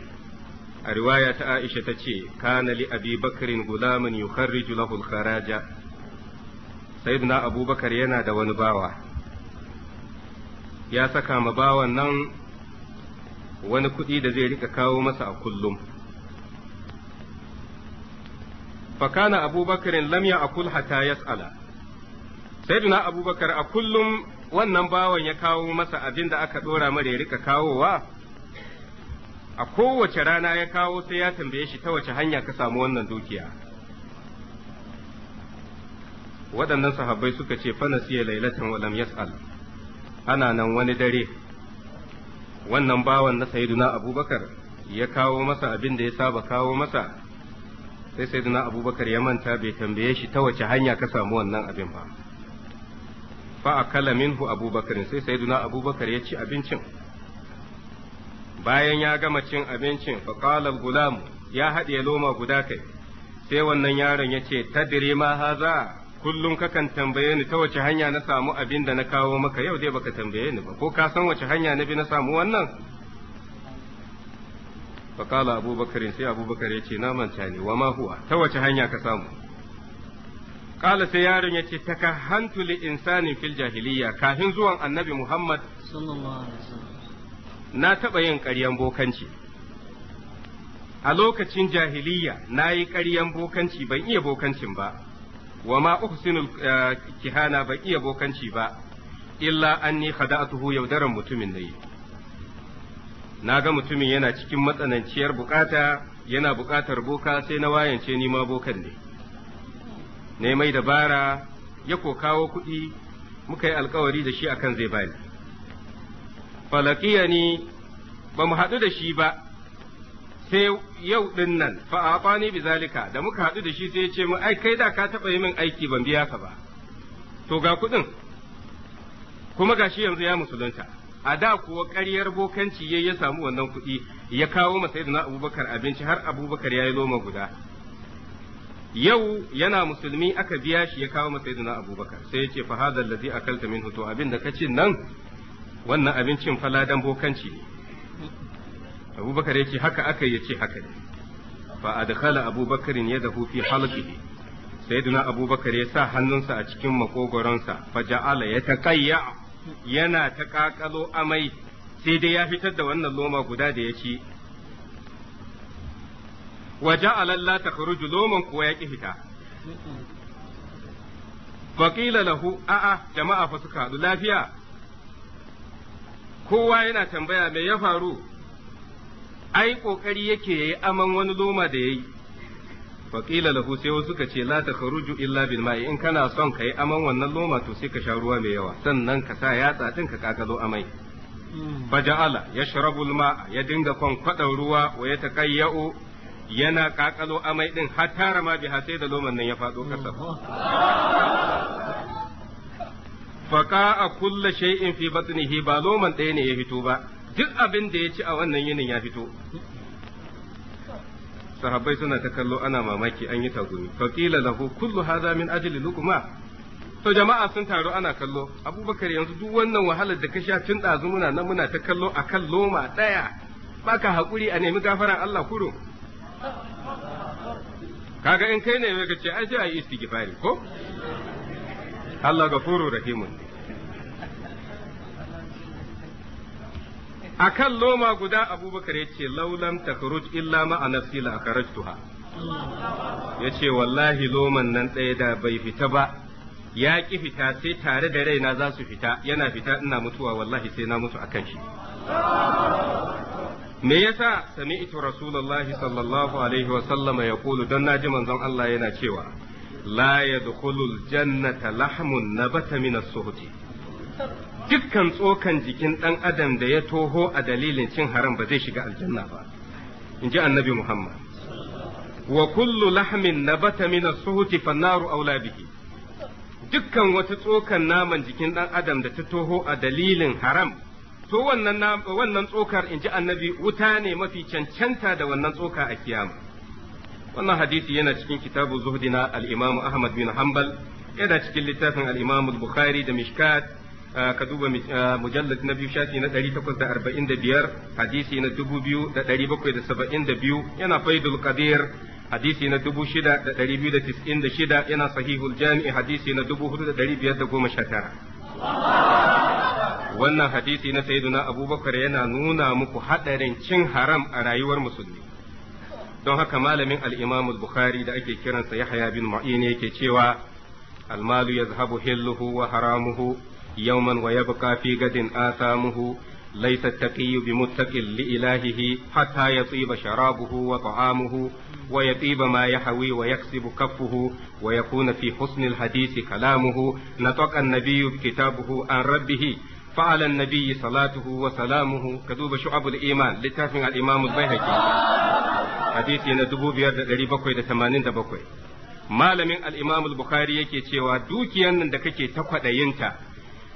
a riwaya ta aisha ta ce kana li abi bakarin gulamin yukharriju lahu kharaja sayyidina abubakar yana da wani bawa ya saka ma bawan nan wani kuɗi da zai rika kawo masa a kullum fakana abubakarin بكر لم akul حتى yas'ala سيدنا abubakar a kullum wannan bawan ya kawo masa abin da aka dora mara ya rika kawowa a kowace rana ya kawo sai ya tambaye shi ta wace hanya ka samu wannan dukiya waɗannan sahabbai suka ce fana siya lailatan walam yas'al ana nan wani dare wannan bawan na sayyiduna abubakar ya kawo masa abin da ya saba kawo masa sai sai na abubakar ya manta bai tambaye shi ta wace hanya ka samu wannan abin ba fa akala minhu abubakar sai sai na abubakar ya ci abincin bayan ya gama cin abincin fa qala gulam ya haɗe loma guda kai sai wannan yaron ya ce tadri ma haza kullum kakan tambaye ni ta wace hanya na samu abin da na kawo maka yau dai baka tambaye ni ba ko ka san wace hanya na bi na samu wannan faƙala abubakar sai abubakar ya ce na manta ne wa ma huwa ta wace hanya ka samu ƙala sai yaron ya ce takahantu li insanin fil jahiliya kafin zuwan annabi muhammad na taɓa yin ƙaryan bokanci a lokacin jahiliya na yi ƙaryan bokanci ban iya bokancin ba wa ma uhsinul kihana ban iya bokanci ba illa anni khada'atuhu yaudaran mutumin nayi na ga mutumin yana cikin matsananciyar bukata yana bukatar boka sai na wayance ni ma bokan ne ne mai dabara ya ko kawo kuɗi muka yi alkawari da shi akan zai bani falakiya ni ba mu haɗu da shi ba sai yau ɗin nan fa ni bi zalika da muka haɗu da shi sai ya ce mu ai kai da ka taɓa yi min aiki ban biya ka ba to ga kuɗin kuma ga shi yanzu ya musulunta a da kuwa ƙaryar bokanci ya ya samu wannan kuɗi ya kawo masa na abubakar abinci har abubakar ya yi loma guda yau yana musulmi aka biya shi ya kawo masa na abubakar sai ya ce fa hadha allazi akalta minhu to abin da kace nan wannan abincin faladan bokanci ne abubakar ya ce haka aka ya ce haka ne fa adkhala abubakarin yadahu fi halqihi sayyidina abubakar ya sa hannunsa a cikin makogoronsa fa ja'ala yataqayya yana ta ƙaƙalo amai sai dai ya fitar da wannan loma guda da ya ci waje alalla ta kharuju loman kuwa ya ƙi fita faƙila lahu a'a jama'a fa suka haɗu lafiya kowa yana tambaya mai ya faru ai ƙoƙari yake ya yi aman wani loma da ya yi faƙila lahu sai wasu ka ce la ta illa bil ma'i in kana son kayi aman wannan loma to sai ka sha ruwa mai yawa sannan ka sa yatsa din ka kakalo amai hmm. faja'ala yashrabu al ma'a ya dinga kwankwadan ruwa wa ya taqayyau yana kakalo amai din har tara ma biha sai da loman nan ya fado kasa hmm. faka a kulla shay'in fi batnihi ba loman ɗaya ne ya fito ba duk abin da ya ci a wannan yinin ya fito sahabbai suna ta kallo ana mamaki an yi tagumi fa qila lahu kullu hadha min ajli lukuma to jama'a sun taru ana kallo abubakar yanzu duk wannan wahalar da ka sha tun ɗazu muna nan muna ta kallo akan loma ɗaya baka hakuri a nemi gafaran Allah kurum kaga in kai ne ka ce ai sai a yi istighfari ko Allah gafuru rahimun akan loma guda abubakar ya ce laulan takhruj illa ma'a nafsi la ya ce wallahi loman nan ɗaya da bai fita ba ya ƙi fita sai tare da raina za su fita yana fita ina mutuwa wallahi sai na mutu akan shi me yasa sami'tu rasulullahi sallallahu alaihi wa sallama don na ji manzon Allah yana cewa la yadkhulul jannata lahmun na min as dukkan tsokan jikin ɗan adam da ya toho a dalilin cin haram ba zai shiga aljanna ba in ji annabi muhammad wa kullu lahmin nabata min as-suhuti fannaru aula bihi dukkan wata tsokan naman jikin ɗan adam da ta toho a dalilin haram to wannan wannan tsokar in ji annabi wuta ne mafi cancanta da wannan tsoka a kiyama wannan hadisi yana cikin kitabu zuhdina al-imam ahmad bin hanbal yana cikin littafin al-imam bukhari da mishkat ka duba mujallad na biyu shafi na ɗari takwas da da arba'in biyar hadisi na dubu biyu da da da ɗari bakwai saba'in biyu yana faidul qadir hadisi na dubu shida da da da ɗari biyu shida yana sahihul jami'i hadisi na dubu hudu da da ɗari biyar goma sha tara. wannan hadisi na sayyiduna abubakar yana nuna muku hadarin cin haram a rayuwar musulmi don haka malamin al'imamu bukhari da ake kiransa yahya bin ma'in yake cewa المال يذهب حله haramuhu. يوما ويبقى في غد آثامه ليس التقي بمتق لإلهه حتى يطيب شرابه وطعامه ويطيب ما يحوي ويكسب كفه ويكون في حسن الحديث كلامه نطق النبي كتابه عن ربه فعلى النبي صلاته وسلامه كذوب شعب الإيمان لتافن الإمام البيهقي حديثي ندبو بيار دري بكوي دا تمانين دا بكوي malamin al'imam bukhari yake cewa dukiyan nan da kake ta kwaɗayinta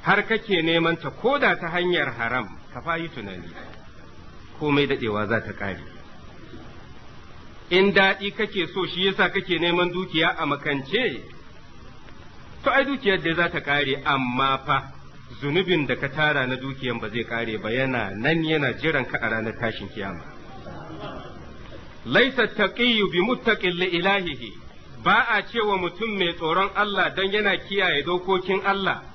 har kake neman ta koda ta hanyar haram ka fayi tunani komai dadewa za ta kare in daɗi kake so shi yasa kake neman dukiya a makance to ai dukiyar da za ta kare amma fa zunubin da ka tara na dukiyan ba zai kare ba yana nan yana jiran ka a ranar tashin kiyama laisa taqiyyu bi muttaqin li ilahihi ba a cewa mutum mai tsoron Allah dan yana kiyaye dokokin Allah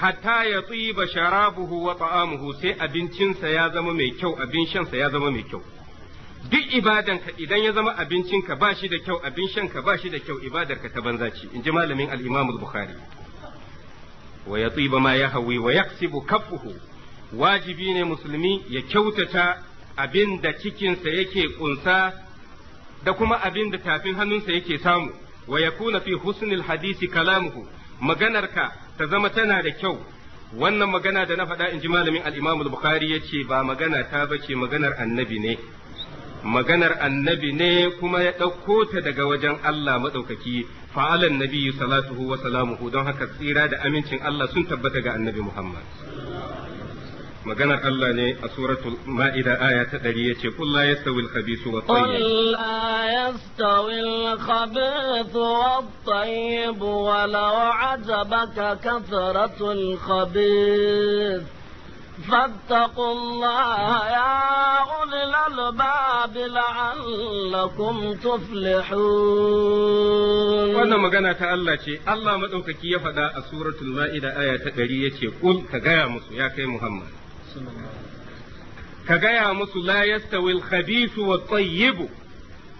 hatta ya tsiba sharabuhu wa ta'amuhu sai abincinsa ya zama mai kyau abin shansa ya zama mai kyau duk ibadanka idan ya zama abincin ka bashi da kyau abin shanka ba shi da kyau ibadarka ta banza ci in ji malamin al Bukhari wa ya tsiba ma ya hawi wa yaksibu kaffuhu wajibi ne musulmi ya kyautata abin da cikinsa yake kunsa da kuma abin da tafin hannunsa yake samu wa kuna fi husnil hadisi kalamuhu maganarka ta zama tana da kyau wannan magana da na faɗa in ji malamin al’imamu Bukhari al-Bukhari yace ba magana ta bace maganar annabi ne maganar annabi ne kuma ya ɗauko ta daga wajen Allah maɗaukaki fa'alan nabi salatuhu wa salamuhu don haka tsira da amincin Allah sun tabbata ga annabi Muhammad maganar Allah ne a suratul ma'ida aya ta ɗari ya ce kulla ya stawi alkhabisu wa tayyib kulla ya stawi alkhabisu wa tayyib wa law ajabaka kathratul khabith فاتقوا الله يا أولي الألباب لعلكم تفلحون وانا مغانا تألا شيء الله مدوك كي يفدا سورة المائدة آية تقرية قل كغايا يا كي محمد ka gaya musu la yastawil khabithu wa tayyibu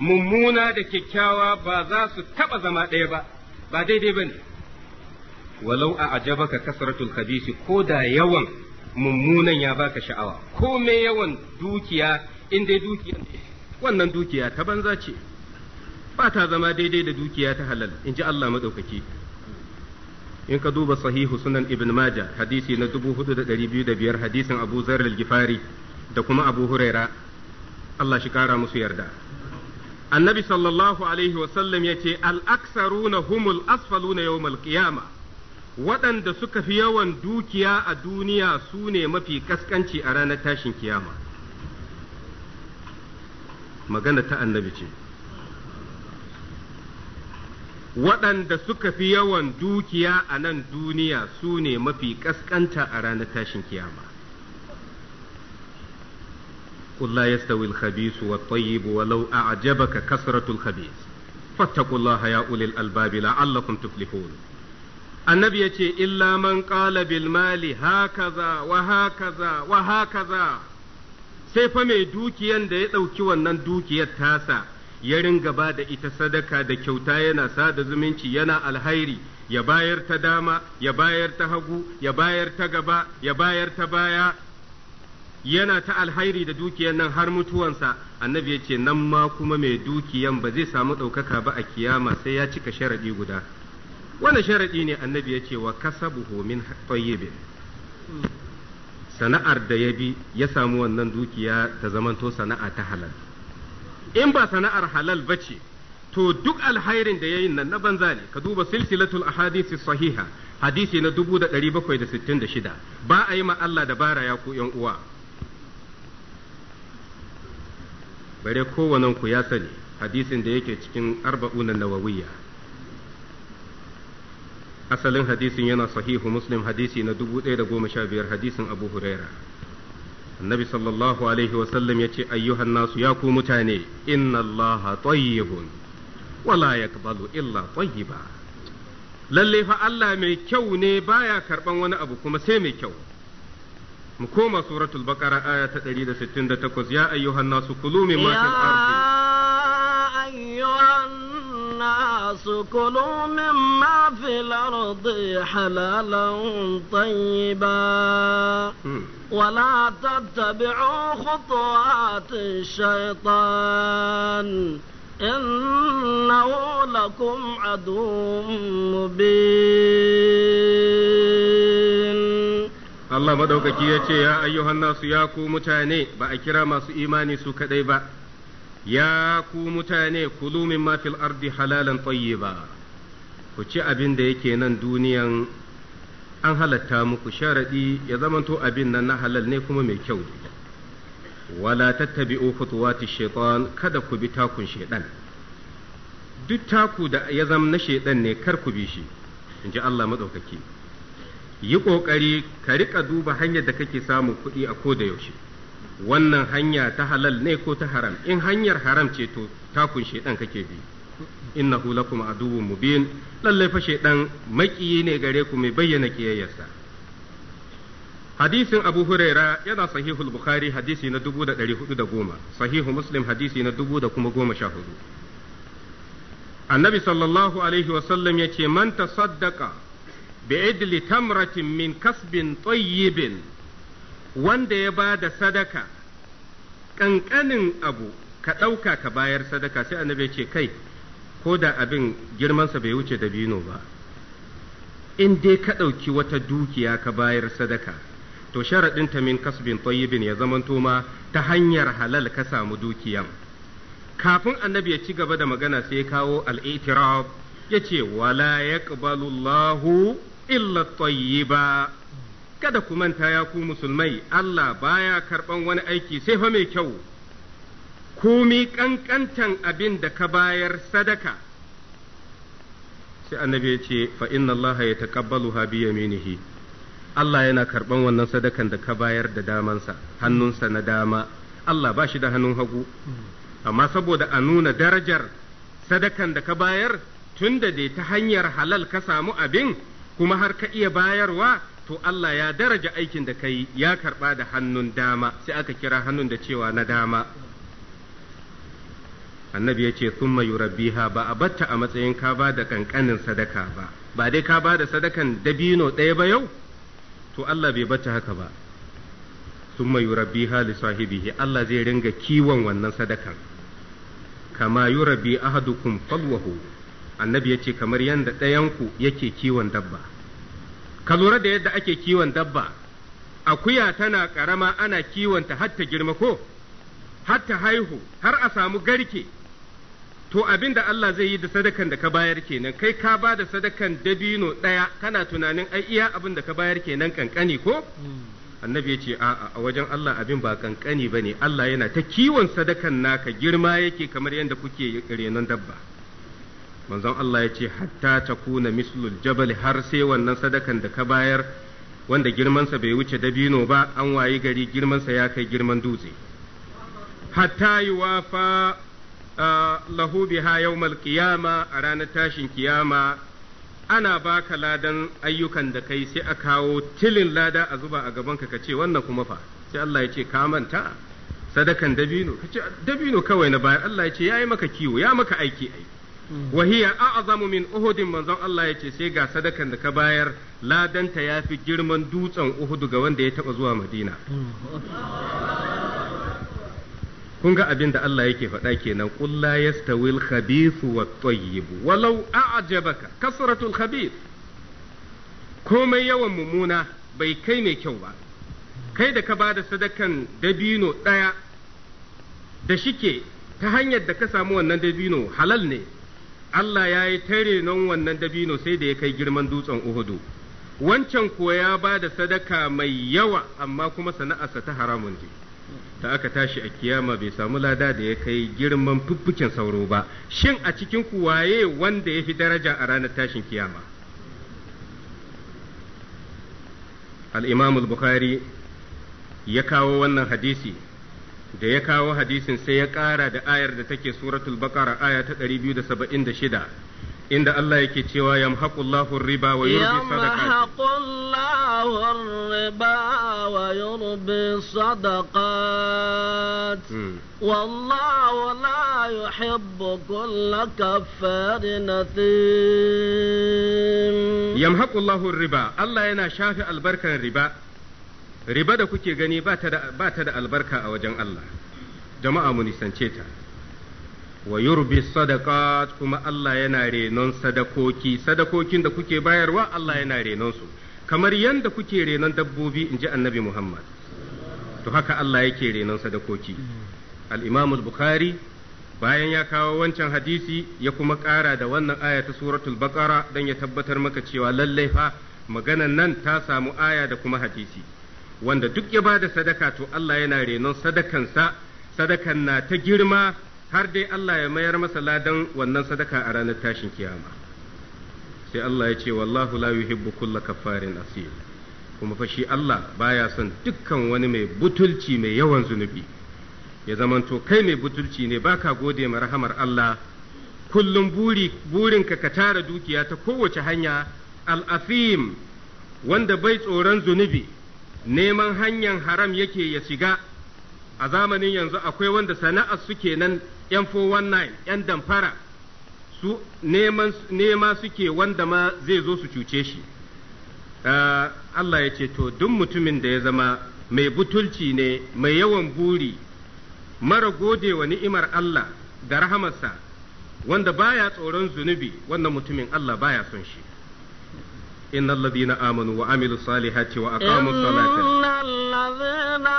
mummuna da kyakkyawa ba za su taba zama ɗaya ba ba daidai bane walau a ajabaka kasratul khabithi ko da yawan mummunan ya baka sha'awa ko me yawan dukiya in dai dukiya wannan dukiya ta banza ce ba ta zama daidai da dukiya ta halal in ji Allah madaukaki in ka duba sahihu sunan ibn maja hadisi na 4205 hadisin abu zar gifari da kuma abu huraira Allah shi kara musu yarda annabi sallallahu alaihi wasallam ya ce al-aksaruna humul na yawmal qiyama waɗanda suka fi yawan dukiya a duniya su ne mafi kaskanci a ranar tashin kiyama magana ta annabi ce waɗanda suka fi yawan dukiya a nan duniya su ne mafi ƙasƙanta a ranar tashin kiyama. Allah ya stawi alhabisu wa tayyibu walau a ajaba ka kasratul habis fattakullaha ya ulil albabi la'allakum tuflihun annabi yace illa man qala bil mali hakaza wa hakaza wa hakaza sai fa mai dukiyan da ya ɗauki wannan dukiyar tasa ya ringa ba da ita sadaka da kyauta yana sada zumunci yana alhairi ya bayar ta dama ya bayar ta hagu ya bayar ta gaba ya bayar ta baya yana ta alhairi da dukiyan nan har mutuwansa annabi ya ce nan ma kuma mai dukiyan ba zai samu ɗaukaka ba a kiyama sai ya cika sharaɗi guda wani sharaɗi ne annabi ya ce wa kasabuhu min tayyibin sana'ar da ya bi ya samu wannan dukiya ta zamanto sana'a ta halal in ba sana'ar halal ba ce to duk alhairin da ya yi nan na banza ne ka duba silsilatul ahadisi sahiha hadisi na 1766 ba a yi ma Allah dabara ya ku yan uwa bare kowannen ku ya sani hadisin da yake cikin arba'una nawawiyya asalin hadisin yana sahihu muslim hadisi na biyar hadisin abu huraira annabi sallallahu alaihi wasallam ya ce ayyuhan nasu ya ku mutane inna allaha tayyibun wala yaqbalu illa ba. lalle fa Allah mai kyau ne baya karban wani abu kuma sai mai kyau mu koma suratul baqara aya ta ɗari da 168 ya ayyuhan nasu kulu mai fil ardi الناس كلوا مما في الأرض حلالا طيبا ولا تتبعوا خطوات الشيطان إنه لكم عدو مبين Allah madaukaki ya ce ya ayyuhan nasu ya ku mutane ba a kira masu imani su kadai ba ya ku mutane kulu min fil ardi halalan tayyiba ku ci abin da yake nan duniyan an halatta muku sharadi ya zamanto abin nan na halal ne kuma mai kyau wala tattabi'u khutuwati shaitan kada ku bi takun shaitan duk taku da ya zama na shaitan ne kar ku bi shi in ji Allah madaukaki yi kokari ka rika duba hanyar da kake samun kuɗi a koda yaushe wannan hanya ta halal ne ko ta haram in hanyar haram ce to takun shedan kake bi inna lakum aduwwun mubin lalle fa shedan makiyi ne gare ku mai bayyana kiyayyarsa hadisin abu huraira yana sahihul bukhari hadisi na 1410 sahihu muslim hadisi na 1014 annabi sallallahu alaihi wasallam ya ce man tasaddaqa bi'idli tamratin min kasbin tayyibin wanda ya ba da sadaka ƙanƙanin abu ka ɗauka ka bayar sadaka sai annabi ce kai ko da abin girmansa bai wuce da dabino ba in dai ka ɗauki wata dukiya ka bayar sadaka to sharaɗin ta min kasbin tayyibin ya zama toma, ta hanyar halal ka samu dukiyan kafin annabi ya ci gaba da magana sai ya kawo alitirab ya ce wala yaqbalu Allahu illa tayyiba kada ku manta ya ku musulmai Allah baya karban wani aiki sai fa mai kyau komi ƙanƙantan abin da ka bayar sadaka sai annabi ya ce fa inna Allah ya taqabbalu ha bi yaminihi Allah yana karban wannan sadakan da ka bayar da damansa hannunsa na dama Allah ba shi da hannun hagu amma saboda a nuna darajar sadakan da ka bayar tunda dai ta hanyar halal ka samu abin kuma har ka iya bayarwa to Allah ya daraja aikin da kai ya karɓa da hannun dama sai aka kira hannun da cewa na dama annabi ya ce thumma yurabbiha ba a batta a matsayin ka ba da kankanin sadaka ba ba dai ka ba da sadakan dabino ɗaya ba yau to Allah bai batta haka ba thumma yurabbiha li sahibihi Allah zai ringa kiwon wannan sadakan kama yurabbi ahadukum falwahu annabi ya ce kamar yanda ɗayanku yake kiwon dabba ka lura da yadda ake kiwon dabba akuya tana karama ana kiwonta har ta girma ko har ta haihu har a samu garke to abin da Allah zai yi da sadakan da ka bayar kenan kai ka ba da sadakan dabino ɗaya kana tunanin ai iya abin da ka bayar kenan kankani ko hmm. annabi ya ce a a wajen Allah abin ba kankani bane Allah yana ta kiwon sadakan naka girma yake kamar yadda kuke renon dabba manzon Allah ya ce hatta ta kuna mislul jabal har sai wannan sadakan da ka bayar wanda girmansa bai wuce dabino ba an wayi gari girmansa ya kai girman dutse hatta yi wafa uh, lahu biha yawmal qiyama a ranar tashin kiyama ana baka ladan ayyukan da kai sai a kawo tilin lada a zuba a gabanka ka ce wannan kuma fa sai Allah ya ce ka manta sadakan dabino ka ce dabino kawai na bayar Allah ya ce yayi maka kiwo ya maka aiki aiki wa hiya a'zamu min uhud manzon Allah yace sai ga sadakan da ka bayar ladanta yafi girman dutsen uhudu ga wanda ya taɓa zuwa madina kun ga abin da Allah yake faɗa kenan qul la yastawil khabith wat tayyib walau a'jabaka kasratul khabith komai yawan mumuna bai kai mai kyau ba kai da ka bada sadakan dabino ɗaya da shike ta hanyar da ka sami wannan dabino halal ne Allah ya yi tare nan wannan dabino sai da ya kai girman dutsen Uhudu wancan kuwa ya ba da sadaka mai yawa amma kuma sana'arsa ta haramun ce da aka tashi a kiyama bai samu lada da ya kai girman fuffuken sauro ba shin a cikin kuwaye wanda ya fi daraja a ranar tashin kiyama al bukhari ya kawo wannan hadisi da ya kawo hadisin sai ya ƙara da ayar da take suratul baqara aya ta 276 inda Allah yake cewa yamhaqullahu riba wa yurbi sadaqat riba wa yurbi sadaqat hmm. wallahu la yuhibbu kulla kaffarin athim yamhaqullahu riba Allah yana shafi albarkan riba riba da kuke gani ba ta da albarka a wajen Allah jama'a mu nisance ta wa yurbi sadaqat kuma Allah yana renon sadakoki sadakokin da kuke bayarwa Allah yana renon su kamar yadda kuke renon dabbobi inji annabi Muhammad to haka Allah yake renon sadakoki al-Imam bukhari bayan ya kawo wancan hadisi ya kuma ƙara da wannan aya ta suratul baqara dan ya tabbatar maka cewa lallai fa maganan nan ta samu aya da kuma hadisi wanda duk ya bada sadaka to Allah yana renon sadakansa sadakan na ta girma har dai Allah ya mayar masa ladan wannan sadaka a ranar tashin kiyama sai Allah ya ce wallahu la yuhibbu kulla kafarin asil kuma fa shi Allah baya son dukkan wani mai butulci mai yawan zunubi ya zamanto kai mai butulci ne baka gode ma rahamar Allah kullum buri burinka ka tara dukiya ta kowace hanya al-afim wanda bai tsoron zunubi neman hanyar haram yake ya shiga a zamanin yanzu akwai wanda sana'ar suke nan yan 419 yan damfara su nema suke wanda ma zai zo su cuce shi ah, Allah ya ce to duk mutumin da ya zama mai butulci ne mai yawan buri mara gode wa ni'imar Allah da rahamarsa wanda baya tsoron zunubi wannan mutumin Allah baya son shi إن الذين آمنوا وعملوا الصالحات وأقاموا الصلاة إن الذين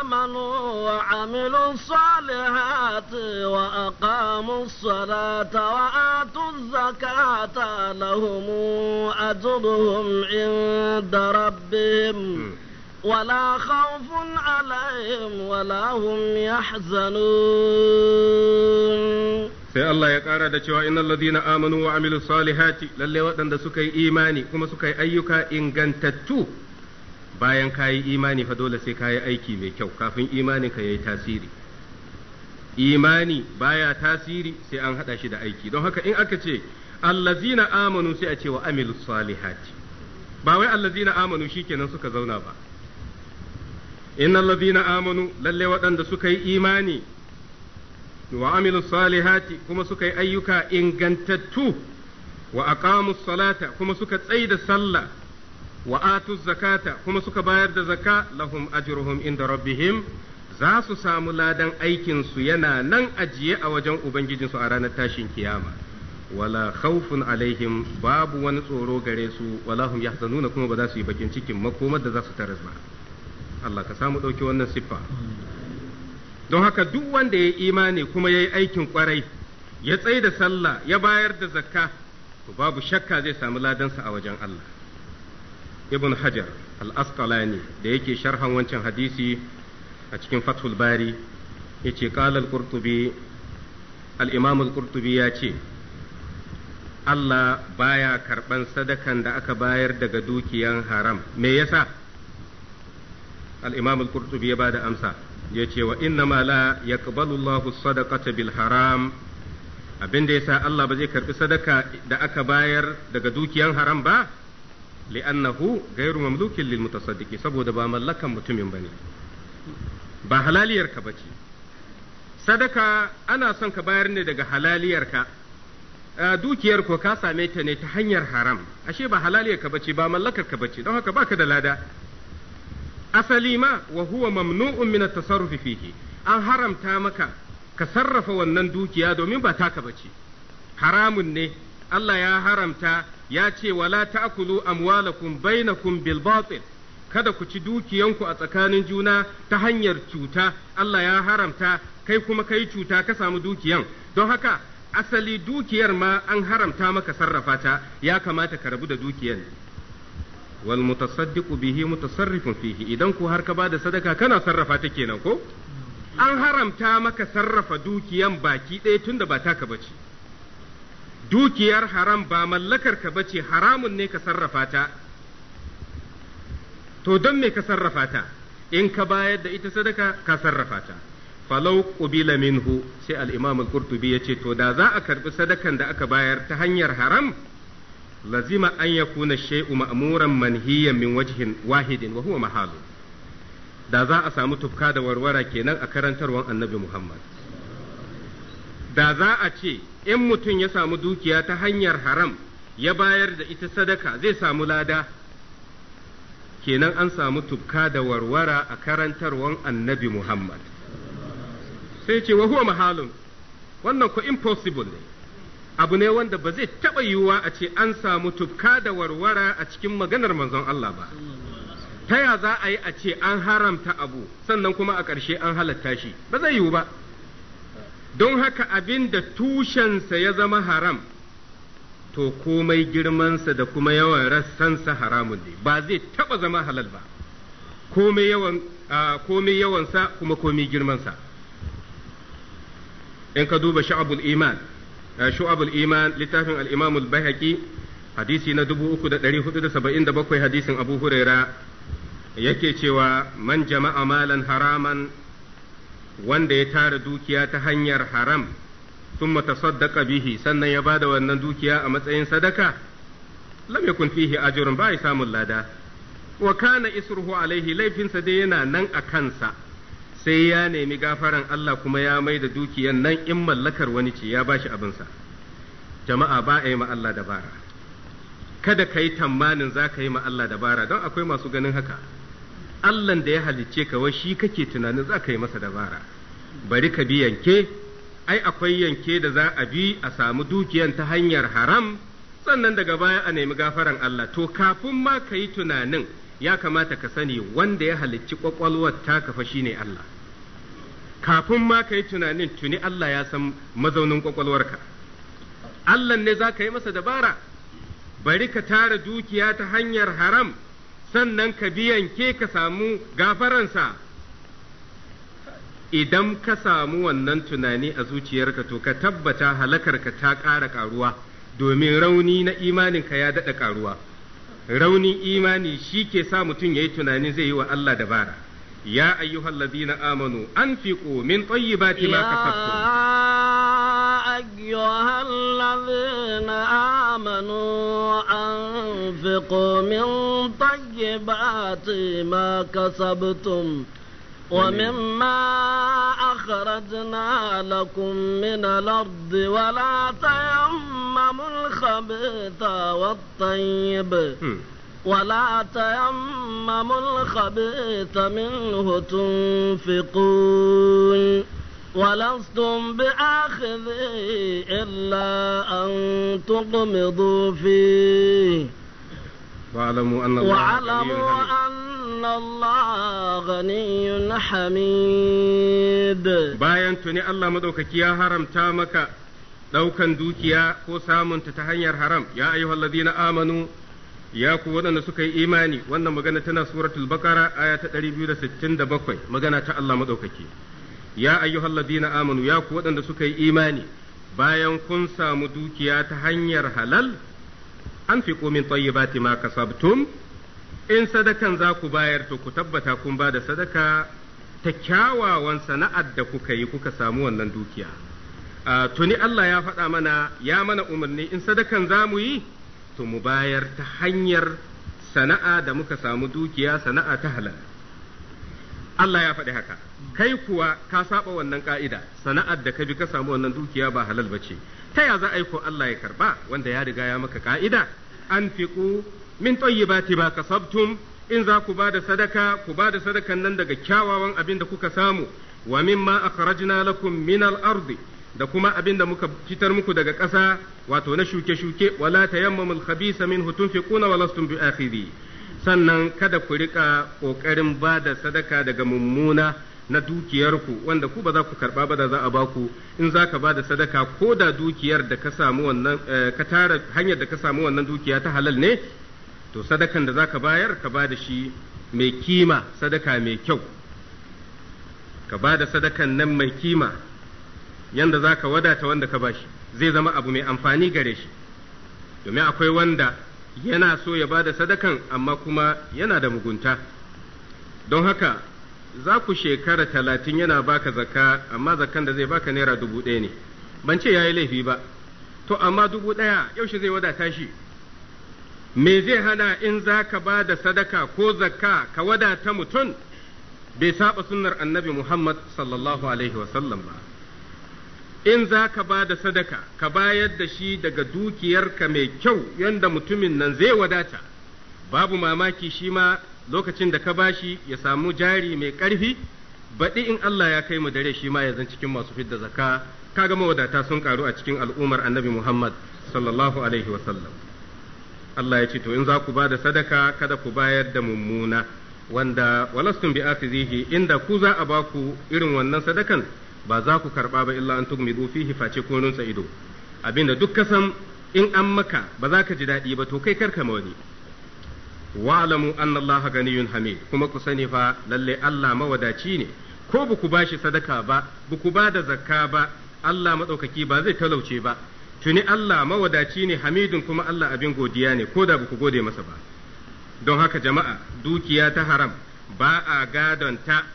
آمنوا وعملوا الصالحات وأقاموا الصلاة وآتوا الزكاة لهم أجرهم عند ربهم ولا خوف عليهم ولا هم يحزنون sai Allah ya ƙara da cewa innal ladina amanu wa amilus salihati lalle waɗanda suka yi imani kuma suka yi ayyuka ingantattu bayan ka yi imani fa dole sai ka yi aiki mai kyau kafin imanin ka yayi tasiri imani baya tasiri sai an hada shi da aiki don haka in aka ce allazina amanu sai a ce wa amilus salihati ba wai allazina amanu shikenan suka zauna ba innal ladina amanu lalle waɗanda suka yi imani wa amilu salihati kuma suka yi ayyuka ingantattu wa aqamu salata kuma suka tsaida sallah wa atu zakata kuma suka bayar da zaka lahum ajruhum inda rabbihim za su samu ladan aikin su yana nan ajiye a wajen ubangijinsu a ranar tashin kiyama wala khawfun alaihim babu wani tsoro gare su wala hum yahzanuna kuma ba za su yi bakin cikin makomar da za su taras ba Allah ka samu dauki wannan siffa don haka duk wanda ya yi imani kuma ya yi aikin kwarai ya tsaye da sallah ya bayar da zakka to babu shakka zai samu ladansa a wajen Allah ibn hajar al-asqalani da yake sharhan wancan hadisi a cikin fathul bari yace qala al-qurtubi al-imam al-qurtubi ya ce Allah baya karban sadakan da aka bayar daga dukiyan haram me yasa al-imam al-qurtubi ya bada amsa ya ce wa inna ma la yaqbalu Allahu sadaqata bil haram abin da yasa Allah ba zai karbi sadaka da aka bayar daga dukiyan haram ba li'annahu ghayru mamlukin lil mutasaddiqi saboda ba mallakan mutumin bane ba halaliyar ka bace sadaka ana son ka bayar ne daga halaliyar ka dukiyar ko ka same ta ne ta hanyar haram ashe ba halaliyar ka bace ba mallakar ka bace don haka baka da lada asali ma wa huwa mamnu'un min at tasarruf fihi an haramta maka ka sarrafa wannan dukiya domin ba taka bace haramun ne Allah ya haramta ya ce wala ta'kulu amwalakum bainakum bil batil kada ku ci dukiyanku a tsakanin juna ta hanyar cuta Allah ya haramta kai kuma kai cuta ka samu dukiyan don haka asali dukiyar ma an haramta maka sarrafa ta ya kamata ka rabu da dukiyar wal mutasaddiqu bihi mutasarrifun fihi idan ku har ka bada sadaka kana sarrafa ta kenan ko an haramta maka sarrafa dukiyan baki ɗaya tunda ba taka bace dukiyar haram ba mallakar ka bace haramun ne ka sarrafa ta to don me ka sarrafa ta in ka bayar da ita sadaka ka sarrafa ta falau qubila minhu sai al-imam al-qurtubi yace to da za a karbi sadakan da aka bayar ta hanyar haram lazima an يكون الشيء مأمورا منهيا من وجه wahidin وهو محال da za a samu tufka da warwara kenan a karantarwar annabi Muhammad da za a ce in mutum ya samu dukiya ta hanyar haram ya bayar da ita sadaka zai samu lada kenan an samu tufka da warwara a karantarwar annabi Muhammad sai ce wa huwa mahalun wannan ko impossible ne abu ne wanda ba zai taɓa yiwuwa a ce an samu tufka da warwara a cikin maganar manzon Allah ba. Ta ya za a yi a ce an haramta abu sannan kuma a ƙarshe an halatta shi ba zai yiwu ba. Don haka abin da tushensa ya zama haram to komai girmansa da kuma yawan rassansa haramun ne ba zai taɓa zama halal ba. Komai komai yawansa kuma komai girmansa. In ka duba sha'abul iman shu'abul iman littafin al-imam al-baihaqi hadisi na 3477 hadisin abu huraira yake cewa man jama'a malan haraman wanda ya tara dukiya ta hanyar haram ثم تصدق bihi sannan ya ba da wannan dukiya a matsayin sadaka lam yakun fihi ajrun ba samun lada wa kana isruhu alaihi laifinsa dai yana nan a kansa sai ya nemi gafaran Allah kuma ya mai da dukiyan nan in mallakar wani ce ya bashi abinsa jama'a ba a yi ma Allah dabara kada ka yi tammanin za ka yi ma Allah dabara don akwai masu ganin haka allah da ya halicce ka wai shi kake tunanin za ka yi masa dabara bari ka bi yanke ai akwai yanke da za a bi a samu dukiyan ta hanyar haram sannan daga baya a nemi gafaran Allah to kafin ma ka yi tunanin ya kamata ka sani wanda ya halicci kwakwalwar ta kafa ne Allah kafin ma ka yi tunanin tuni Allah ya san mazaunin kwakwalwarka Allah ne za ka yi masa dabara bari ka tara dukiya ta hanyar haram sannan ka biyan ke ka samu gafaransa idan ka samu wannan tunani a zuciyarka to ka tabbata halakarka ta ƙara ƙaruwa domin rauni na imaninka ya daɗa ƙaruwa raunin imani shi ke sa mutum ya yi tunanin zai yi wa Allah dabara يا أيها الذين آمنوا أنفقوا من طيبات ما كسبتم يا أيها الذين آمنوا أنفقوا من طيبات ما كسبتم ومما أخرجنا لكم من الأرض ولا تيمموا الخبيث والطيب ولا تيمموا الخبيث منه تنفقون ولستم بآخذي إلا أن تغمضوا فيه واعلموا أن الله واعلموا أن الله غني حميد باين تني الله مدوكك يا هرم تامك لو كان دوكيا ko samunta تتهنير هرم يا أيها الذين آمنوا ya ku waɗanda suka yi imani wannan magana tana suratul bakara aya ta 267 magana ta Allah maɗaukaki ya ayyuhal ladina amanu ya ku waɗanda suka yi imani bayan kun samu dukiya ta hanyar halal an fi min tayyibati ma kasabtum in sadakan za ku bayar to ku tabbata kun ba da sadaka ta kyawawan sana'ar da kuka yi kuka samu wannan dukiya ah, tuni Allah ya faɗa mana ya mana umarni in sadakan za mu yi to mu bayar ta hanyar sana'a da muka samu dukiya sana'a ta halal Allah ya faɗi haka kai kuwa ka saba wannan ka'ida sana'ar da ka bi ka samu wannan dukiya ba halal bace ta ya za a yi ko Allah ya karba wanda ya riga ya maka ka'ida anfiqu min tayyibati ba kasabtum in za ku bada sadaka ku bada sadakan nan daga kyawawan abin da kuka samu wa mimma akhrajna lakum min al-ardi da kuma abin da muka fitar muku daga ƙasa wato na shuke-shuke wala tayammamul khabisa bi akhiri sannan kada ku rika kokarin ba da sadaka daga mummuna na dukiyarku wanda ku ba za ku karba ba da za a baku in za ka ba da sadaka ko da dukiyar da ka samu wannan eh, ka tara hanyar da ka samu wannan dukiya ta halal ne to sadakan da za ka bayar ka ba da shi mai kima sadaka mai kyau ka ba da sadakan nan mai kima yanda za ka wadata wanda ka bashi zai zama abu mai amfani gare shi domin akwai wanda yana so ya ba da sadakan amma kuma yana da mugunta don haka za ku shekara talatin yana baka zakka amma zakkan da zai baka naira dubu ɗaya ne ban ce ya yi laifi ba to amma dubu ɗaya yaushe zai wadata shi me zai hana in za ka ba da sadaka ko zakka ka wadata mutum bai saba sunnar annabi muhammad sallallahu alaihi wasallam ba in za ka ba da sadaka ka bayar da shi daga dukiyarka mai kyau yadda mutumin nan zai wadata babu mamaki shi ma lokacin da ka bashi ya samu jari mai ƙarfi baɗi in Allah ya kai mu dare shi ma ya zan cikin masu fidda zaka kaga wadata sun karu a cikin al'ummar annabi Muhammad sallallahu alaihi wa sallam Allah ya ce to in za ku ba da sadaka kada ku bayar da mummuna wanda walastum bi inda ku za a ba ku irin wannan sadakan ba za ku karɓa ba illa an tugmidu fihi face ko nunsa ido abinda duk ka san in an maka ba za ka ji daɗi ba to kai karka ma wani wa'lamu anna Allah ganiyun hamid kuma ku sani fa lalle Allah mawadaci ne ko ba ku bashi sadaka ba ba ku ba da zakka ba Allah madaukaki ba zai talauce ba tuni Allah mawadaci ne hamidun kuma Allah abin godiya ne ko da ba ku gode masa ba don haka jama'a dukiya ta haram ba a gadon ta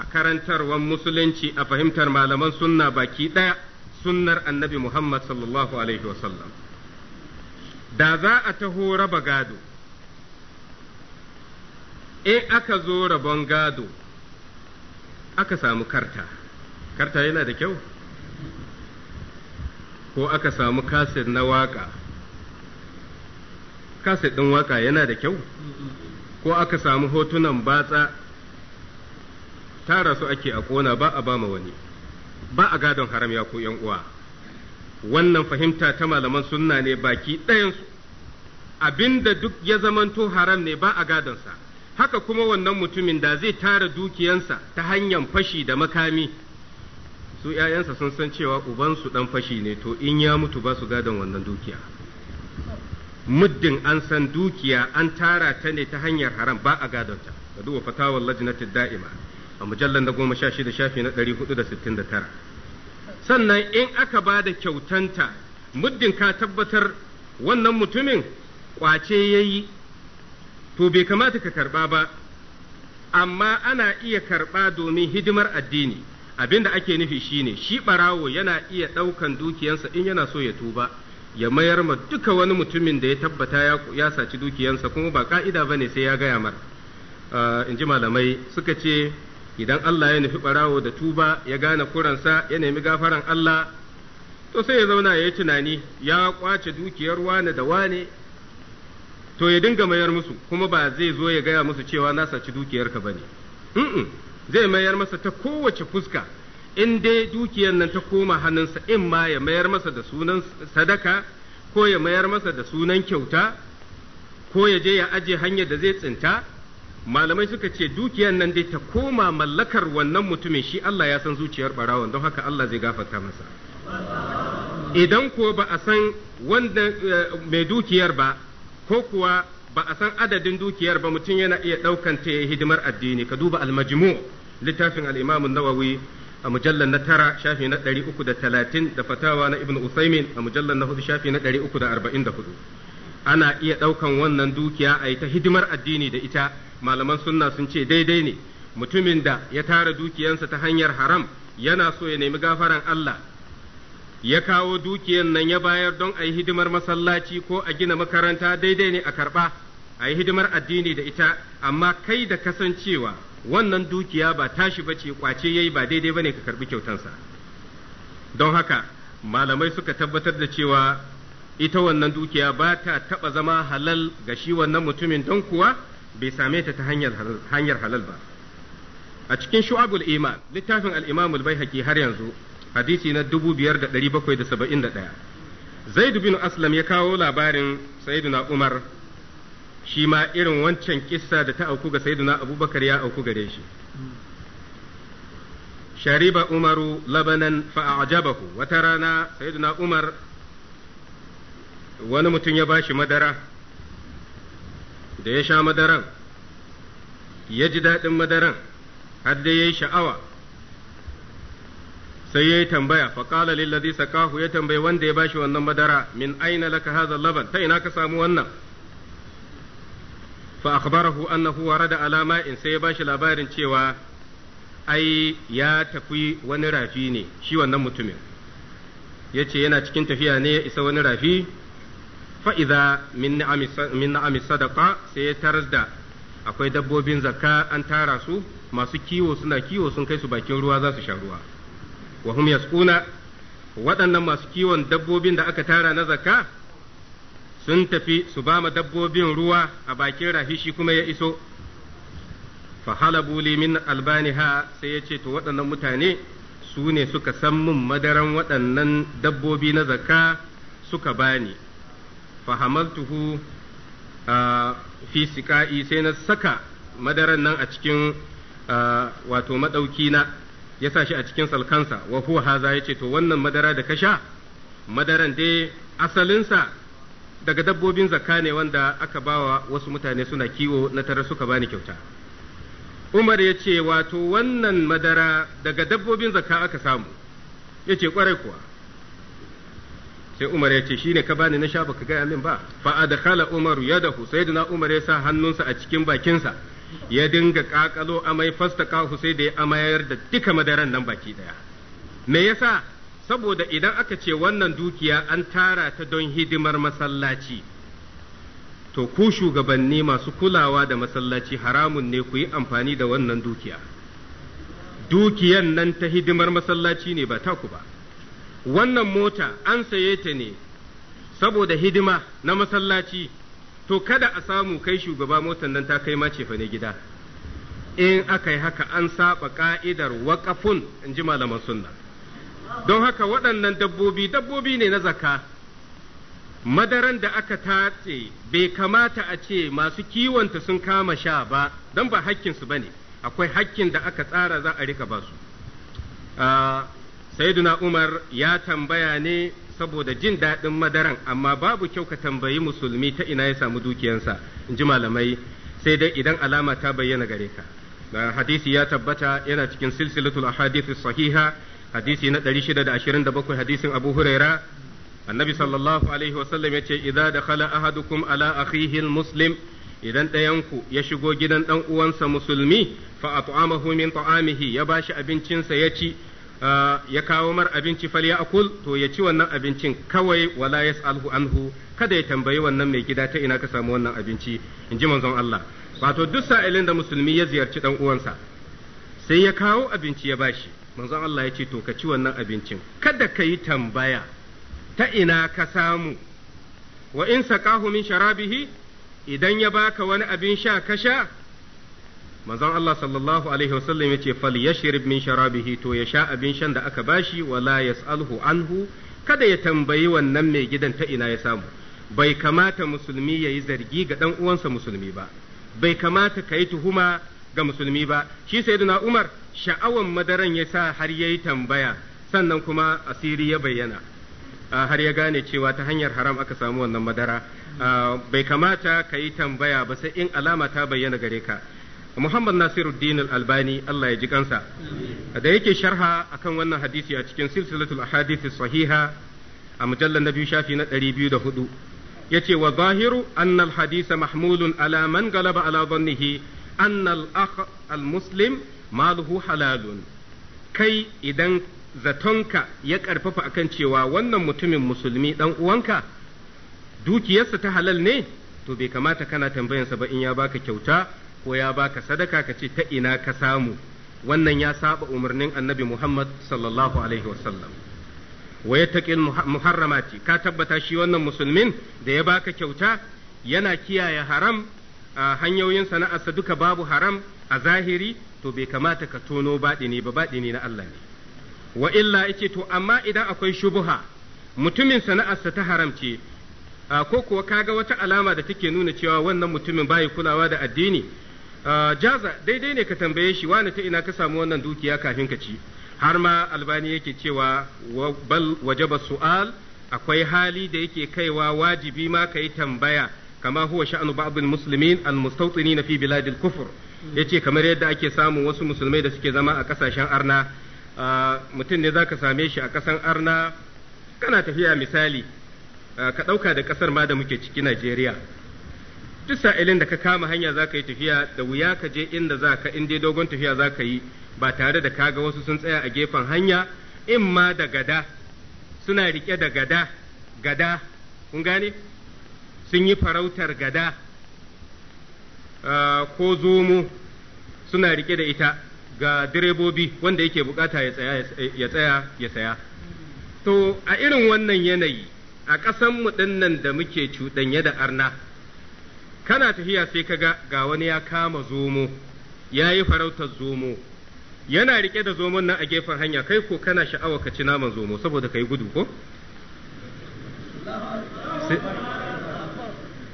a karantarwar musulunci a fahimtar malaman sunna baki ɗaya sunnar annabi Muhammad sallallahu Alaihi wasallam. Da za a taho raba gado, e aka zo rabon gado, aka samu karta, karta yana da kyau? Ko aka samu kaset na waka, kaset ɗin waka yana da kyau? Ko aka samu hotunan batsa tara su ake a kona ba a bama wani ba a gadon haram ya ko yan uwa wannan fahimta ta malaman sunna ne baki ɗayansu abinda duk ya zamanto haram ne ba a gadonsa haka kuma wannan mutumin da zai tara dukiyansa ta hanyar fashi da makami su ‘ya'yansa sun san cewa ubansu dan fashi ne to in ya mutu ba su gadon wannan dukiya muddin an san dukiya an tara ta ne ta hanyar haram ba a gadonta da duba fatawar lajinatin da'ima a mujallar da goma sha shida shafi na ɗari hudu da sittin da tara sannan in aka ba da kyautanta muddin ka tabbatar wannan mutumin kwace ya yi to bai kamata ka karɓa ba amma ana iya karɓa domin hidimar addini abinda ake nufi shine shi ɓarawo yana iya ɗaukan dukiyansa in yana so ya tuba ya mayar ma duka wani mutumin da ya tabbata ya saci dukiyansa kuma ba ka'ida ba ne sai ya gaya mar ah, in ji malamai suka ce idan Allah ya nufi ɓarawo da tuba ya gane kuransa ya nemi gafaran Allah to sai ya zauna ya yi tunani ya kwace dukiyar wane da wane to ya dinga mayar musu kuma ba zai zo ya gaya musu cewa na saci dukiyarka ba ne zai mayar masa ta kowace fuska in dai dukiyar nan ta koma hannunsa in ma ya mayar masa da sunan sadaka ko ya mayar masa da sunan kyauta ko ya je ya aje hanyar da zai tsinta malamai suka ce dukiyar nan dai ta koma mallakar wannan mutumin shi Allah ya san zuciyar barawon don haka Allah zai gafarta masa idan ko ba a san wanda eh, mai dukiyar ba ko kuwa ba a san adadin dukiyar ba mutum yana iya ɗaukan ta hidimar addini ka duba almajmu littafin al-Imam nawawi a mujallar na tara shafi na ɗari uku da talatin da fatawa na ibn Usaimin a mujallar na hudu shafi na ɗari uku da arba'in da hudu ana iya ɗaukan wannan dukiya a yi ta hidimar addini da ita malaman sunna sun ce daidai ne mutumin da ya tara dukiyansa ta hanyar haram yana so ya nemi gafaran Allah ya kawo dukiyan nan ya bayar don a yi hidimar masallaci ko a gina makaranta daidai ne a karɓa a yi hidimar addini da ita amma kai da kasancewa wannan dukiya ba tashi bace kwace yayi ba daidai bane ka karbi kyautansa don haka malamai suka tabbatar da cewa ita wannan dukiya ba ta taɓa zama halal ga shi wannan mutumin don kuwa bai same ta ta hanyar halal ba a cikin shu'abul iman littafin al-imam al-baihaqi har yanzu hadisi na 5771 zaid bin aslam ya kawo labarin sayyidina umar shi ma irin wancan kissa da ta auku ga sayyidina abubakar ya auku gare shi shariba umaru labanan fa'ajabahu wata rana sayyidina umar wani mutum ya bashi madara da ya sha madaran ya ji daɗin madaran har dai ya yi sha'awa sai ya yi tambaya faƙala lillazi sakahu ya tambayi wanda ya bashi wannan madara min aina laka haza laban ta ina ka samu wannan fa akhbarahu annahu warada ala ma'in sai ya bashi labarin cewa ai ya tafi wani rafi ne shi wannan mutumin yace yana cikin tafiya ne ya isa wani rafi fa'iza min na'ami sadaka sai ya taras da akwai dabbobin zakka an tara su masu kiwo suna kiwo sun kai su bakin ruwa za su sha ruwa wa hum yasquna waɗannan masu kiwon dabbobin da aka tara na zakka sun tafi su ba ma dabbobin ruwa a bakin rahishi kuma ya iso fa halabu li min albaniha sai ya ce to waɗannan mutane su ne suka san min madaran waɗannan dabbobi na zakka suka bani fahamaltuhu fi siƙa'i sai na saka madaran nan a cikin wato maɗauki na ya sa shi a cikin salkansa wa huwa haza ya ce to wannan madara da ka sha madaran dai asalinsa daga dabbobin zakka ne wanda aka bawa wasu mutane suna kiwo na tare suka bani kyauta Umar ya ce wato wannan madara daga dabbobin zakka aka samu ya ce kwarai kuwa sai Umar ya ce shine ka bani na sha ka gaya min ba fa adkhala Umar yadahu sayyidina Umar ya sa hannunsa a cikin bakinsa ya dinga kakalo amai fastaka sai da ya amayar da duka madaran nan baki daya me yasa saboda idan aka ce wannan dukiya an tara ta don hidimar masallaci to ku shugabanni masu kulawa da masallaci haramun ne ku yi amfani da wannan dukiya dukiyan nan ta hidimar masallaci ne ba taku ba wannan mota an saye ta ne saboda hidima na masallaci to kada a samu kai shugaba motan nan ta kai ma cefa ne gida in aka yi haka an saba ka'idar waƙafun in ji malaman sunna don haka waɗannan dabbobi dabbobi ne na zaka madaran da aka tatse bai kamata a ce masu kiwonta sun kama sha ba don ba hakkinsu ba ne akwai hakkin da aka tsara za a rika ba su ah, sayyiduna umar ya tambaya ne saboda jin daɗin madaran amma babu kyau ka tambayi musulmi ta ina ya samu dukiyansa in ji malamai sai dai idan alama ta bayyana gare ka hadisi ya tabbata yana cikin silsilatul ahadith sahiha hadisi na 627 hadisin abu huraira annabi sallallahu alaihi wasallam yace idza dakhala ahadukum ala akhihi muslim idan ɗayanku ya shigo gidan ɗan uwansa musulmi fa at'amahu min ta'amihi ya bashi abincinsa ya ci ya kawo mar abinci fal ya akul to ya ci wannan abincin kawai wala yas'alhu anhu kada ya tambayi wannan mai gida ta ina ka samu wannan abinci in ji manzon Allah wato duk sa'ilin da musulmi ya ziyarci dan uwansa sai ya kawo abinci ya bashi manzon Allah ya ce to ka ci wannan abincin kada ka yi tambaya ta ina ka samu wa in saqahu min sharabihi idan ya baka wani abin sha ka sha manzon Allah sallallahu alaihi wasallam yace fal yashrib min sharabihi to ya sha abin shan da aka bashi wala yasalhu anhu kada ya tambayi wannan mai gidan ta ina ya samu bai kamata musulmi ya yi zargi ga dan uwansa musulmi ba bai kamata ka yi tuhuma ga musulmi ba shi sayyidina Umar sha'awan madaran ya sa har yayi tambaya sannan kuma asiri ya bayyana har ya gane cewa ta hanyar haram aka samu wannan madara bai kamata ka yi tambaya ba sai in alama ta bayyana gare ka Muhammad Nasiruddin Al-Albani Allah ya ji kansa da yake sharha akan wannan hadisi a cikin silsilatul ahadith sahiha a mujallar na biyu shafi na 204 yace wa zahiru anna al-hadith mahmulun ala man galaba ala dhannihi anna al-akh al-muslim maluhu halalun kai idan zatonka ya karfafa akan cewa wannan mutumin musulmi dan uwanka dukiyarsa ta halal ne to bai kamata kana tambayansa ba in ya baka kyauta ko ya baka sadaka ka ce ta ina ka samu wannan ya saba umarnin annabi Muhammad sallallahu alaihi wasallam wa yattaqil muharramati ka tabbata shi wannan musulmin da ya baka kyauta yana kiyaye haram a hanyoyin sana'arsa duka babu haram a zahiri to bai kamata ka tono ne ba ne na Allah ne wa illa yace to amma idan akwai shubuha mutumin sana'arsa ta haram ce ko kuwa kaga wata alama da take nuna cewa wannan mutumin bai kulawa da addini Ah, jaza daidai ne ka tambaye shi wani ta ina ka samu wannan dukiya kafin ka ci har ma albani yake cewa bal wajaba su'al akwai hali da yake kaiwa wajibi ma ka tambaya kama huwa sha'anu ba'dil muslimin al mustawtinin fi biladil kufur yace kamar yadda ake samun wasu musulmai da suke zama a kasashen arna ah, mutum ne zaka same shi a kasan arna kana tafiya misali ah, ka dauka da kasar ma da muke ciki Najeriya duk sa'ilin da ka kama hanya za ka yi tafiya da wuya ka je inda za ka inda dogon tafiya za ka yi ba tare da kaga wasu sun tsaya a gefen hanya in ma da gada suna rike da gada gada kun gane sun yi farautar gada ko zomo suna rike da ita ga direbobi wanda yake bukata ya tsaya ya tsaya saya to a irin wannan yanayi a ƙasanmu ɗin da muke cuɗanye da arna kana tafiya sai ka ga ga wani ya kama zomo ya yi farautar zomo yana rike da zomon nan a gefen hanya kai ko kana sha'awa ka ci naman zomo saboda ka yi gudu ko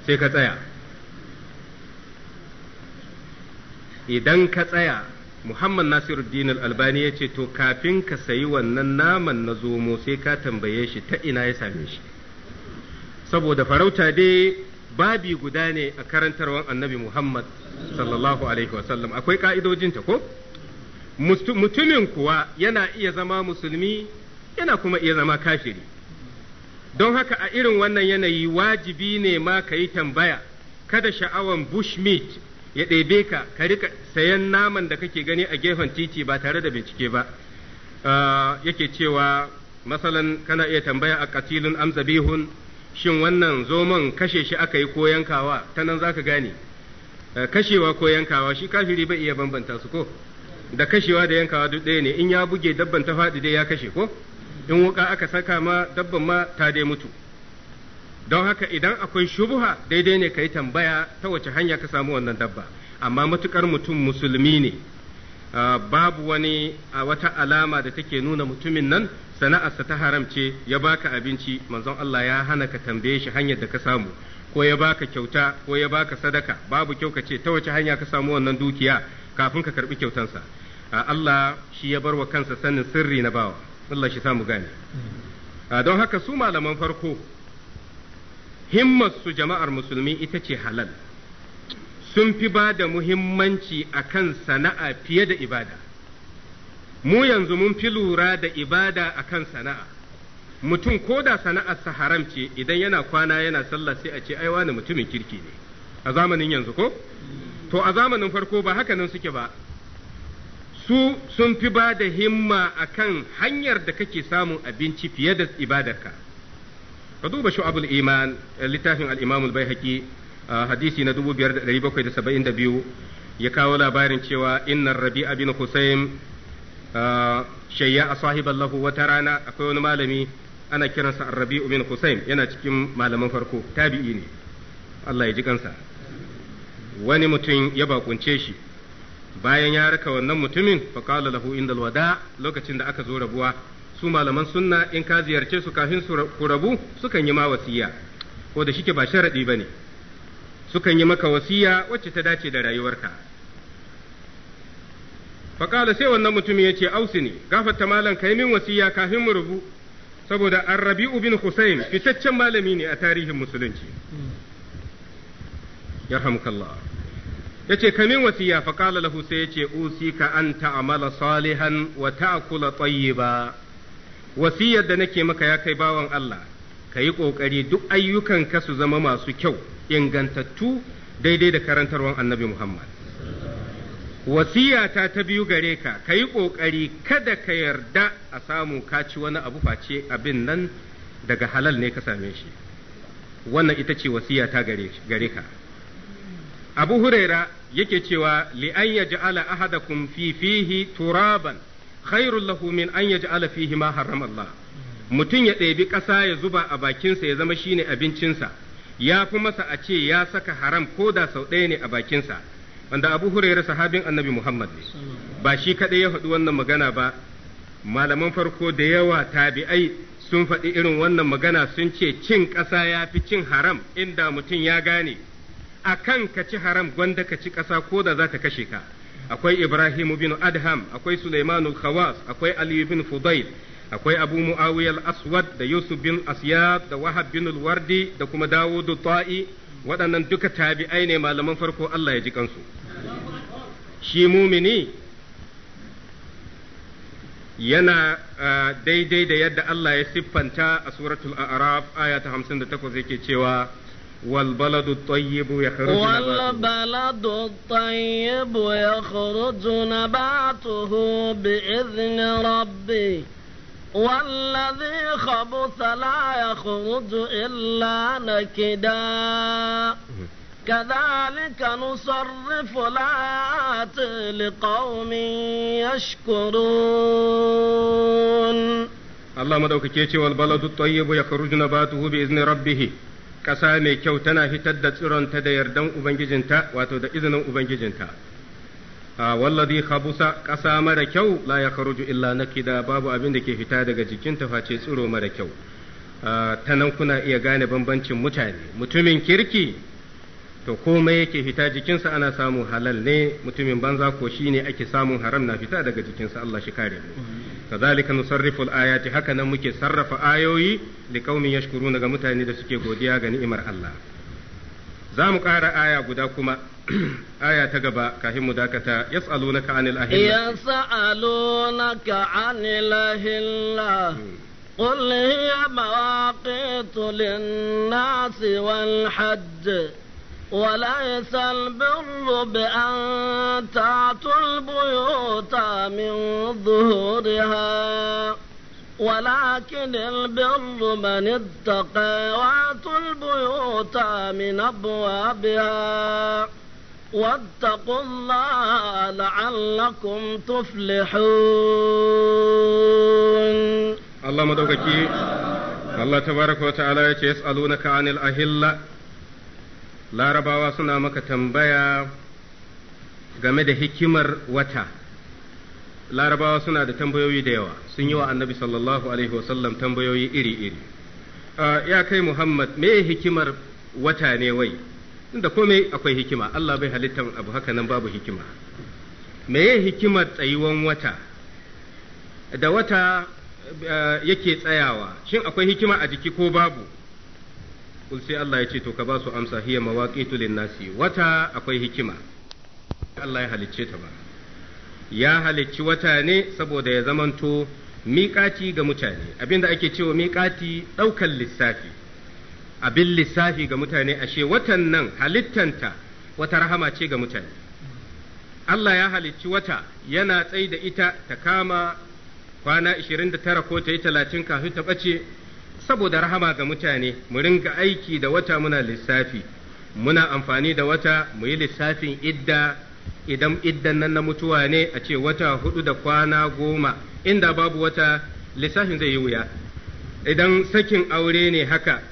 sai ka tsaya idan ka tsaya muhammad nasiruddin albani ya ce to kafin ka sayi wannan naman na zomo sai ka tambaye shi ta ina ya same shi saboda farauta dai babi guda ne a karantarwar annabi Muhammad sallallahu alaihi wasallam akwai ka'idojinta ko mutumin kuwa yana iya zama musulmi yana kuma iya zama kafiri don haka a irin wannan yanayi wajibi ne ma ka yi tambaya kada sha'awan bushmeat ya ɗebe ka ka rika sayan naman da kake gani a gefen titi ba tare da bincike ba ah, yake cewa masalan kana iya tambaya a katilun amzabihun shin wannan zomon kashe shi aka yi ko yankawa ta nan za ka gane eh, kashewa ko yankawa shi kafiri bai iya bambanta su ko da kashewa da yankawa duk ɗaya ne in ya buge dabban ta faɗi dai ya kashe ko in wuka aka saka ma dabban ma ta dai mutu don haka idan akwai shubuha daidai ne ka yi tambaya ta wace hanya ka samu wannan dabba amma matukar mutum musulmi ne ah, babu wani a ah, wata alama da take nuna mutumin nan sana'arsa ta haramce ya baka abinci manzon Allah ya hana ka tambaye shi hanyar da ka samu ko ya baka kyauta ko ya baka sadaka babu kyau ka ce ta wace hanya ka samu wannan dukiya kafin ka karbi kyautansa Allah shi ya bar wa kansa sanin sirri na bawa Allah shi samu gane mm. don haka su malaman farko himmar su jama'ar musulmi ita ce halal sun fi ba da muhimmanci akan sana'a fiye da ibada mu yanzu mun fi lura da ibada akan sana'a mutum ko da sana'arsa haram ce idan yana kwana yana sallah sai a ce ai wani mutumin kirki ne a zamanin yanzu ko to a zamanin farko ba haka nan suke ba su sun fi ba da himma a kan hanyar da kake samun abinci fiye da ibadarka ka duba abul iman eh, littafin al'imamul bai haƙi ah, hadisi na 5772 ya kawo labarin cewa inna rabi'a bin husayn shayya a sahiban lahu wata rana akwai wani malami ana kiransa arrabi min husain yana cikin malaman farko tabi'i ne Allah ya ji kansa wani mutum ya bakunce shi bayan ya raka wannan mutumin faqala lahu indal wada lokacin da aka zo rabuwa su malaman sunna in ka ziyarce su kafin su rabu sukan yi ma wasiya ko da shi shike ba sharadi bane sukan yi maka wasiya wacce ta dace da rayuwarka faƙala sai wannan mutumin ya ce ausi ne gafarta malam ka yi min wasiya kafin mu rubu saboda arrabi'u bin husayn fitaccen malami ne a tarihin musulunci yarhamukallah yace kamin wasiya fa qala lahu sai yace ka an ta'amala salihan wa ta'kula ba wasiyar da nake maka ya kai bawan Allah ka yi ƙoƙari duk ayyukan ka su zama masu kyau ingantattu daidai da karantarwar annabi Muhammad wasiyata ta biyu gare ka ka yi ƙoƙari kada ka yarda a samu kaci wani abu face abin nan daga halal ne ka same shi wannan ita ce wasiyata gare ka abu huraira yake cewa li an yaj'ala ahadakum fi fihi turaban khairul lahu min an yaj'ala fihi ma haram Allah mutum ya ɗebi ƙasa ya zuba a bakinsa ya zama shine abincinsa ya fi masa a ce ya saka haram ko da sau ɗaya ne a bakinsa wanda Abu hurairar sahabin Annabi Muhammad ne ba shi kaɗai ya faɗi wannan magana ba malaman farko da yawa tabi'ai sun faɗi irin wannan magana sun ce cin ƙasa ya fi cin haram inda mutum ya gane a kan ka ci haram gwanda ka ci ƙasa ko da za ta kashe ka akwai Ibrahim bin Adham akwai Sulaimanul Khawas akwai Ali bin Fudail akwai Abu Muawiya aswad da Yusuf bin Asiyab da Wahab bin da kuma Dawud ta'i waɗannan duka tabi'ai ne malaman farko Allah ya ji kansu shi mumini yana daidai da yadda Allah ya siffanta a suratul a'raf aya ta 58 yake cewa والبلد الطيب يخرج والبلد الطيب يخرج نباته بإذن ربه والذي خبث لا يخرج إلا نكدا كذلك نصرف الآيات لقوم يشكرون الله مدعوك كيتي والبلد الطيب يخرج نباته بإذن ربه كسامي كوتنا هتدت سرون تدير دم أبنججنتا واتو إذن أبنججنتا Ah, wallazi khabusa ƙasa mara kyau la ya kharuju illa nakida babu abin da ke fita daga jikin ta face tsiro mara kyau ah, ta nan kuna iya gane bambancin mutane mutumin kirki to komai yake fita jikinsa ana samun halal ne mutumin banza ko shine ake samun haram na fita daga jikinsa Allah shi kare mu kazalika nusarrifu ayati haka nan muke sarrafa ayoyi liqaumin yashkuruna ga mutane da suke godiya ga ni'imar Allah za mu ƙara aya guda kuma آية تقبى gaba مداكة يسألونك عن الأهلة يسألونك عن الأهلة قل هي مواقيت للناس والحج وليس البر بأن تعطوا البيوت من ظهورها ولكن البر من اتقى واتوا البيوت من أبوابها واتقوا الله لعلكم تفلحون الله مدوكي الله تبارك وتعالى يسألونك عن الأهلة larabawa suna maka tambaya game da hikimar wata larabawa suna da tambayoyi da yawa sun yi wa annabi sallallahu alaihi wasallam tambayoyi iri-iri ya kai muhammad me hikimar wata ne wai inda komai akwai hikima Allah bai halittar abu haka nan babu hikima meye hikimar tsayuwan wata da wata eh, yake tsayawa shin akwai hikima a jiki ko babu kul sai Allah ya ce to ka ba su amsa hiya mawaqitu nasi wata akwai hikima Allah ya halicce ta ba ya halicci wata ne saboda ya zamanto miƙaci ga mutane abinda ake cewa miƙaci ɗaukan lissafi abin lissafi ga mutane ashe watan nan halittanta wata rahama ce ga mutane Allah ya halicci wata yana tsai da ita ta kama kwana 29 ko ta yi 30 kafin ta bace. saboda rahama ga mutane mu ringa aiki da wata muna lissafi muna amfani da wata mu yi lissafin idda idan iddan nan na mutuwa ne a ce wata hudu da kwana goma inda babu wata lissafin zai yi wuya idan sakin aure ne haka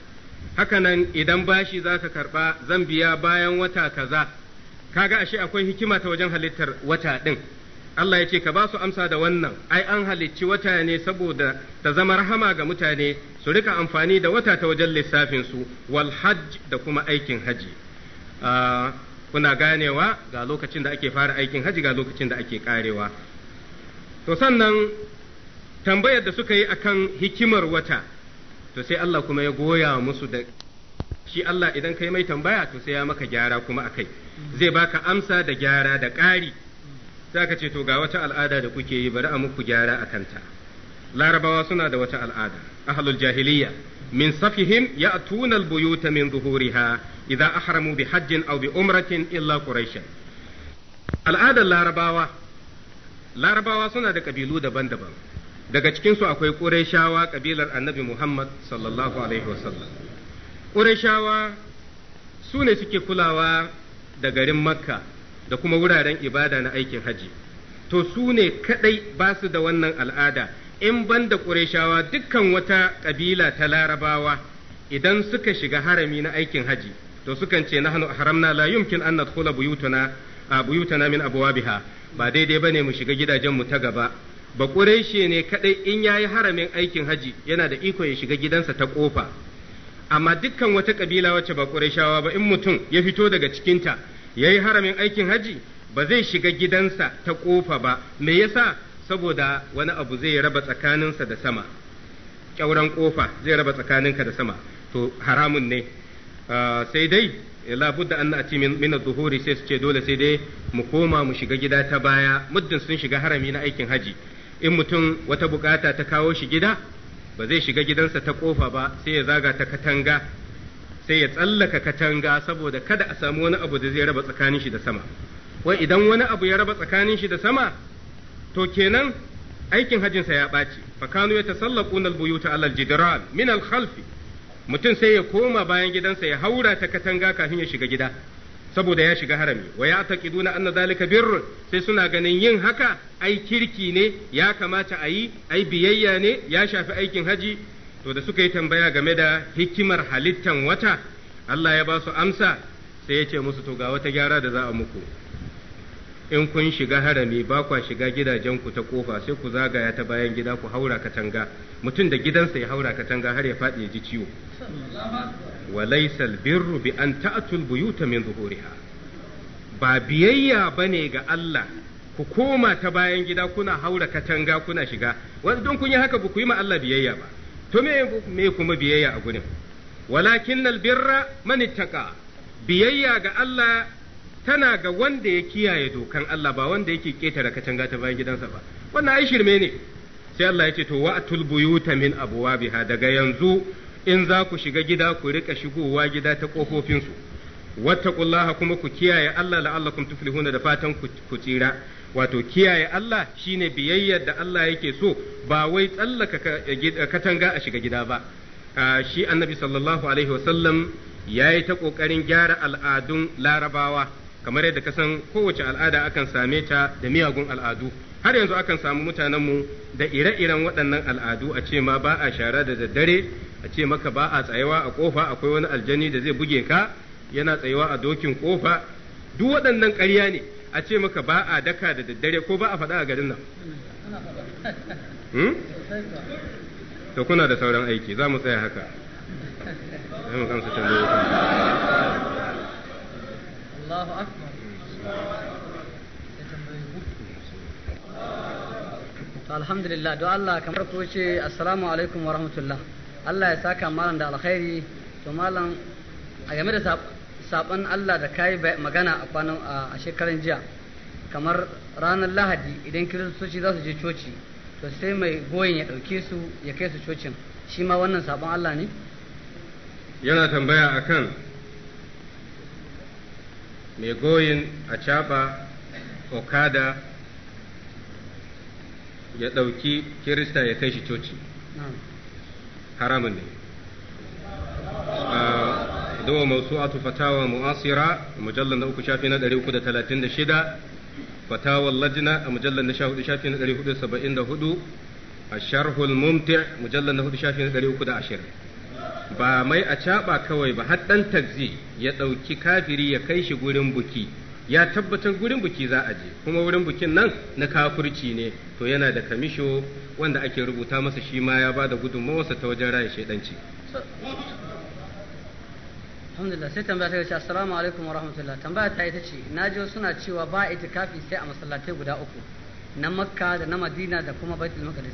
hakanan idan bashi za ka karɓa zan biya bayan wata kaza kaga ashe akwai hikima ta wajen halittar wata ɗin Allah ya ce ka ba su amsa da wannan ai an halicci wata ne saboda ta zama rahama ga mutane su rika amfani da wata ta wajen lissafin su wal hajj da kuma aikin haji ah, kuna ganewa ga lokacin da ake fara aikin haji ga lokacin da ake karewa to sannan tambayar da suka yi akan hikimar wata to sai Allah kuma ya goya musu da shi Allah idan kai mai tambaya to sai ya maka gyara kuma akai zai baka amsa da gyara da ƙari sai ka ce to ga wata al'ada da kuke yi bari a muku gyara a kanta larabawa suna da wata al'ada ahlul jahiliya min safihim ya'tuna al-buyuta min zuhuriha idza ahramu bi hajjin aw bi umratin illa quraish al'adar larabawa larabawa suna da kabilu daban-daban daga cikinsu akwai ƙureshawa ƙabilar annabi Muhammad sallallahu Alaihi wasallam. ƙureshawa su ne suke kulawa da garin Makka da kuma wuraren ibada na aikin haji. To su ne kaɗai ba su da wannan al'ada, in ban da dukkan wata ƙabila ta larabawa idan suka shiga harami na aikin haji, to sukan ce nahnu haramna la yumkin an nadkhula buyutana buyutana min abwabiha ba daidai bane mu shiga gidajen mu ta gaba ba ƙureshe ne kaɗai in ya yi haramin aikin haji yana da iko ya shiga gidansa ta ƙofa amma dukkan wata ƙabila wacce ba ƙureshawa ba in mutum ya fito daga cikinta ya yi haramin aikin haji ba zai shiga gidansa ta ƙofa ba me yasa saboda wani abu zai raba tsakaninsa da sama ƙyauren ƙofa zai raba tsakaninka da sama to haramun ne ah, sai dai labudda an ati min zuhuri sai su ce dole sai dai mu koma mu shiga gida ta baya muddin sun shiga harami na aikin haji in mutum wata bukata ta kawo shi gida ba zai shiga gidansa ta kofa ba sai ya zaga ta katanga sai ya tsallaka katanga saboda kada a samu wani abu da zai raba tsakanin shi da sama wai idan wani abu ya raba tsakanin shi da sama to kenan aikin sa ya ɓaci fakanu ya tasallaquna albuyuta alal jidran min al mutum sai ya koma bayan gidansa ya haura ta katanga kafin ya shiga gida saboda ya shiga harami wa ya kiduna anna zalika birr sai suna ganin yin haka ai kirki ne ya kamata a yi ai biyayya ne ya shafi aikin haji to da suka yi tambaya game da hikimar halittan wata Allah ya ba su amsa sai ya ce musu to ga wata gyara da za a muku in kun shiga harami ba kwa shiga gidajen ku ta kofa sai ku zagaya ta bayan gida ku haura katanga mutum da gidansa ya haura katanga har ya faɗi ya ji ciwo wa laysal birru bi an ta'tul buyuta min zuhuriha ba biyayya bane ga Allah ku koma ta bayan gida kuna haura katanga kuna shiga wanda kun yi haka ba ku yi ma Allah biyayya ba to me kuma biyayya a gurin walakinnal birra mani ittaqa biyayya ga Allah tana ga wanda ya kiyaye dokan Allah ba wanda yake ketare katanga ta bayan gidansa ba wannan ai shirme ne sai Allah ya ce to wa'tul buyuta min abwabiha daga yanzu in za ku shiga gida ku rika shigowa gida ta ƙofofinsu wattaqullaha kuma ku kiyaye Allah la'allakum tuflihuna da fatan ku tsira wato kiyaye Allah shine biyayyar da Allah yake so ba wai tsallaka katanga a shiga gida ba shi annabi sallallahu alaihi wasallam yayi ta kokarin gyara al'adun larabawa kamar yadda kasan kowace al'ada akan same ta da miyagun al'adu har yanzu akan samu mutanenmu da ire-iren waɗannan al'adu a ce ma ba a shara da daddare a ce maka ba a tsayawa a kofa akwai wani aljani da zai buge ka yana tsayawa a dokin kofa duk waɗannan ƙarya ne a ce maka ba a daka da daddare ko ba a faɗa a garin nan hmm? to kuna da sauran aiki za mu tsaya haka Allahu akbar alhamdulillah don Allah kamar ku ce assalamu alaikum wa rahmatullah Allah ya saka malam da alkhairi to malam a game da sabon Allah da kayi magana a kwanan a shekaran jiya kamar ranar lahadi idan kiristoci za su je coci to sai mai goyin ya ɗauke su ya kai su cocin shi ma wannan sabon Allah ne yana tambaya akan mai goyin a okada ya ɗauki kirista ya kai shi coci haramun ne ah, dawa atu fatawa mu'asira a mujallar na uku shafi na 336 fatawa lajina a mujallar na 14 shafi na 474 a sharhul mumti mujallar na 4 shafi na 320 ba mai a caɓa kawai ba haɗɗan ɗan tagzi ya ɗauki kafiri ya kai shi gurin buki ya tabbatar gurin buki za a je kuma wurin bukin nan na kafurci ne to yana da kamisho wanda ake rubuta masa shi ma ya bada gudunmawarsa ta wajen raya shaidanci alhamdulillah sai tambaya ta ce assalamu alaikum wa rahmatullah tambaya ta ita ce na ji suna cewa ba a itikafi sai a masallatai guda uku na makka da na madina da kuma baitul maqdis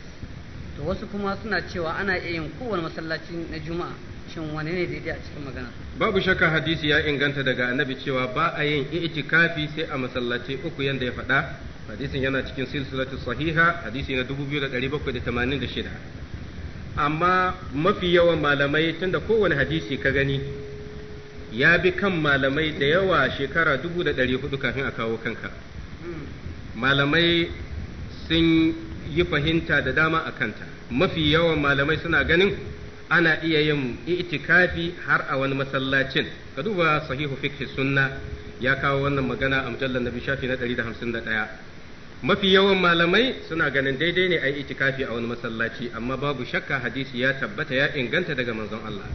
to wasu kuma suna cewa ana iya yin kowane masallaci na juma'a shin wani ne daidai a cikin magana babu shakka hadisi ya inganta daga annabi cewa ba a yin i'tikafi sai a masallaci uku yanda ya faɗa hadisin yana cikin silsilatu sahiha hadisi na 2786 amma mafi yawan malamai tunda kowane hadisi ka gani ya bi kan malamai da yawa shekara 1400 kafin a kawo kanka malamai sun yi fahimta da dama a kanta mafi yawan malamai suna ganin ana iya yin itikafi har a wani masallacin ka duba sahihu fiqh sunna ya kawo wannan magana a mujallar nabi shafi na 151 mafi yawan malamai suna ganin daidai ne a yi itikafi a wani masallaci amma babu shakka hadisi ya tabbata ya inganta daga manzon Allah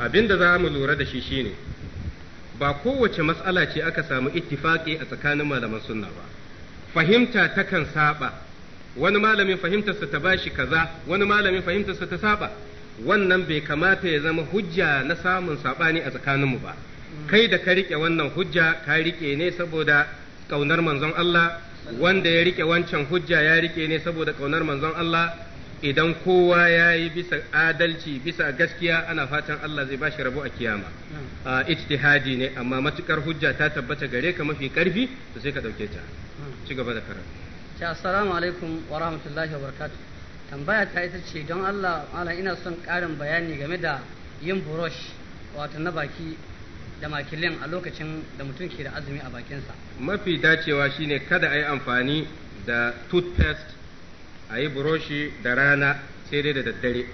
abinda za mu lura da shi shine ba kowace matsala ce aka samu ittifaqi a tsakanin malaman sunna ba fahimta takan saba wani malamin fahimtarsa ta bashi kaza wani malamin fahimtarsa ta saba wannan bai kamata ya zama hujja na samun saɓani a tsakaninmu ba kai da ka rike wannan hujja ka riƙe ne saboda ƙaunar manzon Allah wanda ya rike wancan hujja ya rike ne saboda ƙaunar manzon Allah idan kowa ya yi bisa adalci bisa gaskiya ana fatan Allah zai bashi rabu a kiyama hmm. a ijtihadi ne amma matukar hujja ta tabbata gare ka mafi karfi to sai ka dauke ta hmm. ci gaba da karatu assalamu alaikum wa rahmatullahi wa barakatuh tambaya ta ita ce don Allah ala ina son karin bayani game da yin burosh wato na baki da makilin a lokacin da mutum ke da azumi a bakinsa mafi dacewa shine kada a yi amfani da toothpaste a yi buroshi da rana sai dai da daddare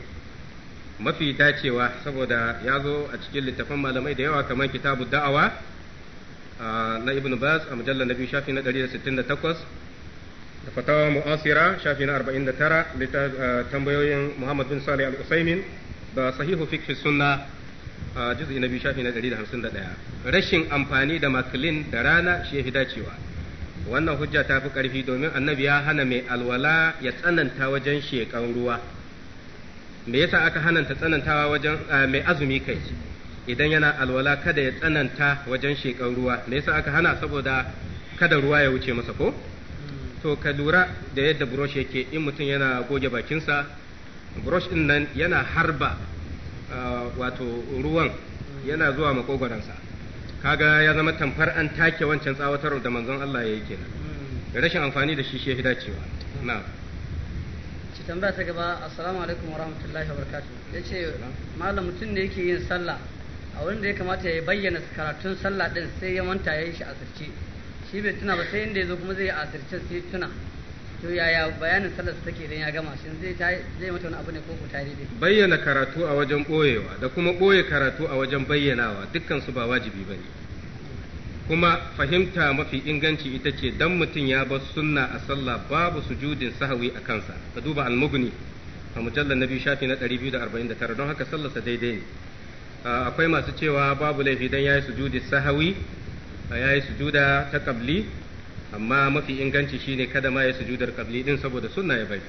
mafi dacewa saboda ya zo a cikin littafan malamai da yawa kamar kitabu da'awa ah, na ibn bas a mujallar na biyu shafi na 168 da fatawa mu'asira shafi na 49 da eh, tambayoyin Muhammad bin Salih al-Usaimin da sahihu fiqh sunna a juz'i na biyu shafi na 151 rashin amfani da makilin da rana shi yafi dacewa wannan hujja ta fi ƙarfi domin annabi ya hana mai alwala ya tsananta wajen shekan ruwa me yasa aka hananta tsanantawa wajen eh, mai azumi kai idan yana alwala kada ya tsananta wajen shekan ruwa me yasa aka hana saboda kada ruwa ya wuce masa ko to ka lura da yadda brush yake in mutum yana goge bakinsa brush din nan yana harba ah, wato ruwan yana zuwa makogoransa kaga ya zama tamfar an take wancan tsawatar da manzon Allah ya yi kenan hmm. rashin amfani da shi shi dacewa na ci tambaya ta gaba assalamu alaikum wa rahmatullahi wa barakatuh yace malam mutum ne yake yin sallah a wurin da ya kamata ya bayyana karatun sallah din sai ya manta ya yi shi a sirce shi bai tuna ba sai inda ya zo kuma zai asirce sai tuna to yaya bayanin sallar take idan ya gama shin zai zai mata wani abu ne ko ku tare dai bayyana karatu a wajen boyewa da kuma boye karatu a wajen bayyanawa dukkan su ba wajibi bane kuma fahimta mafi inganci ita ce dan mutum ya bar sunna a sallah babu sujudin sahawi a kansa ka duba al-mughni a mujallar na biyu shafi na 249 don haka sallarsa daidai ne ah, akwai masu cewa babu laifi dan yayi sujudi sahawi ya yi sujuda ta kabli amma mafi inganci shine kada ma ya sujudar kabli din saboda sunna ya bai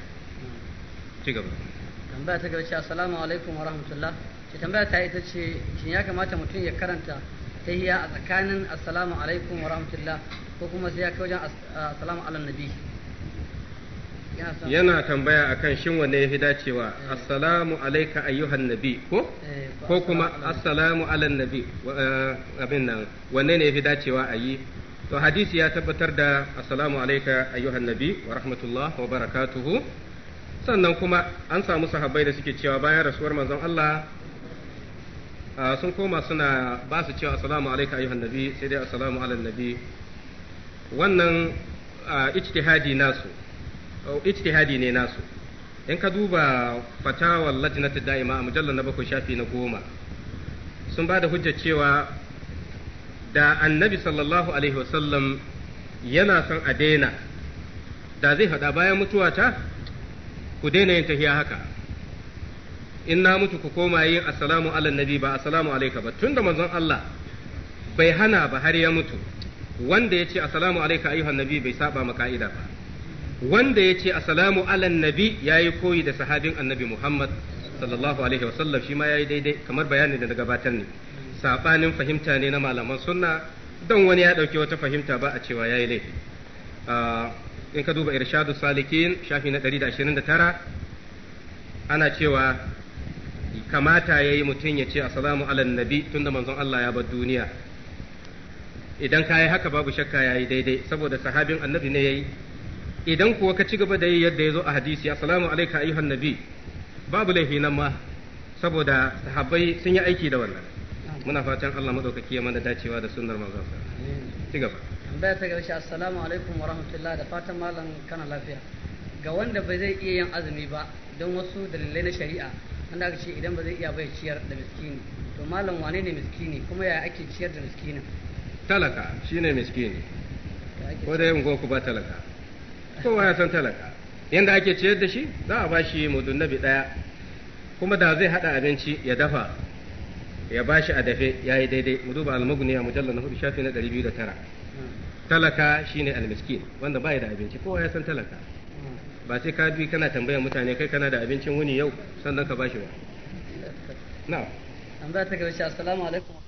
ci gaba tambaya ta gaba assalamu alaikum wa rahmatullah ce tambaya ta ita ce shin ya kamata mutum ya karanta tahiyya a tsakanin assalamu alaikum wa rahmatullah ko kuma sai ya kai wajen assalamu alannabi. nabi yana tambaya akan shin wanne ya fi dacewa assalamu alaika ayyuhan nabi ko eh, ko kuma assalamu alan nabi eh, abin nan wanne ne ya fi dacewa a yi to hadisi ya tabbatar da assalamu alaika ayyuhan nabi wa rahmatullah wa barakatuhu sannan kuma an samu sahabbai da suke cewa bayan rasuwar manzon Allah ah, sun koma suna ba su cewa assalamu alaika ayyuhan nabi sai dai assalamu alan nabi wannan ah, ijtihadi nasu ijtihadi ne nasu in ka duba fatawar lajnati da'ima a mujallar na bakwai shafi na goma sun ba da hujjar cewa da annabi sallallahu alaihi wasallam yana son a daina da zai hada bayan mutuwa ta ku daina yin tahiya haka in na mutu ku koma yin assalamu ala nabi ba assalamu alaika ba tunda manzon Allah bai hana ba har ya mutu wanda ya ce assalamu alaika ayyuhan nabi bai saba maka'ida ka'ida ba wanda ya ce asalamu ala nabi ya yi koyi da sahabin annabi Muhammad sallallahu alaihi wasallam shi ma ya yi daidai kamar bayanin da na gabatar ne saɓanin fahimta ne na malaman sunna don wani ya ɗauki wata fahimta ba a cewa ya yi laifi ah, in ka duba irshadu salikin shafi na 129 ana cewa kamata ya yi mutum ya ce asalamu ala nabi da manzon Allah ya bar duniya idan ka yi haka babu shakka ya yi daidai saboda sahabin annabi ne ya yi idan kuwa ka ci gaba da yi yadda ya zo a hadisi assalamu alaika ayyuhan nabi babu laifi nan ma saboda sahabbai sun yi aiki da wannan muna fatan Allah madaukaki ya mana dacewa da sunnar manzon sa ci gaba tambaya ta gaishe assalamu alaikum wa rahmatullah da fatan malam kana lafiya ga wanda ba zai iya yin azumi ba don wasu dalilai na shari'a an da ce idan ba zai iya bai ciyar da miskini to malam wane ne miskini kuma yaya ake ciyar da miskinin talaka shine miskini ko da yin goku ba talaka kowa ya san talaka yanda ake ciyar da shi za a bashi mudun nabi daya kuma da zai hada abinci ya dafa ya bashi a dafe ya yi daidai mu duba almugni a mujallar na hudu shafi na ɗari biyu da tara talaka shine almiskin wanda bai da abinci kowa ya san talaka ba sai ka bi kana tambayar mutane kai kana da abincin wuni yau sannan ka bashi ba na'am an za ta shi, assalamu alaikum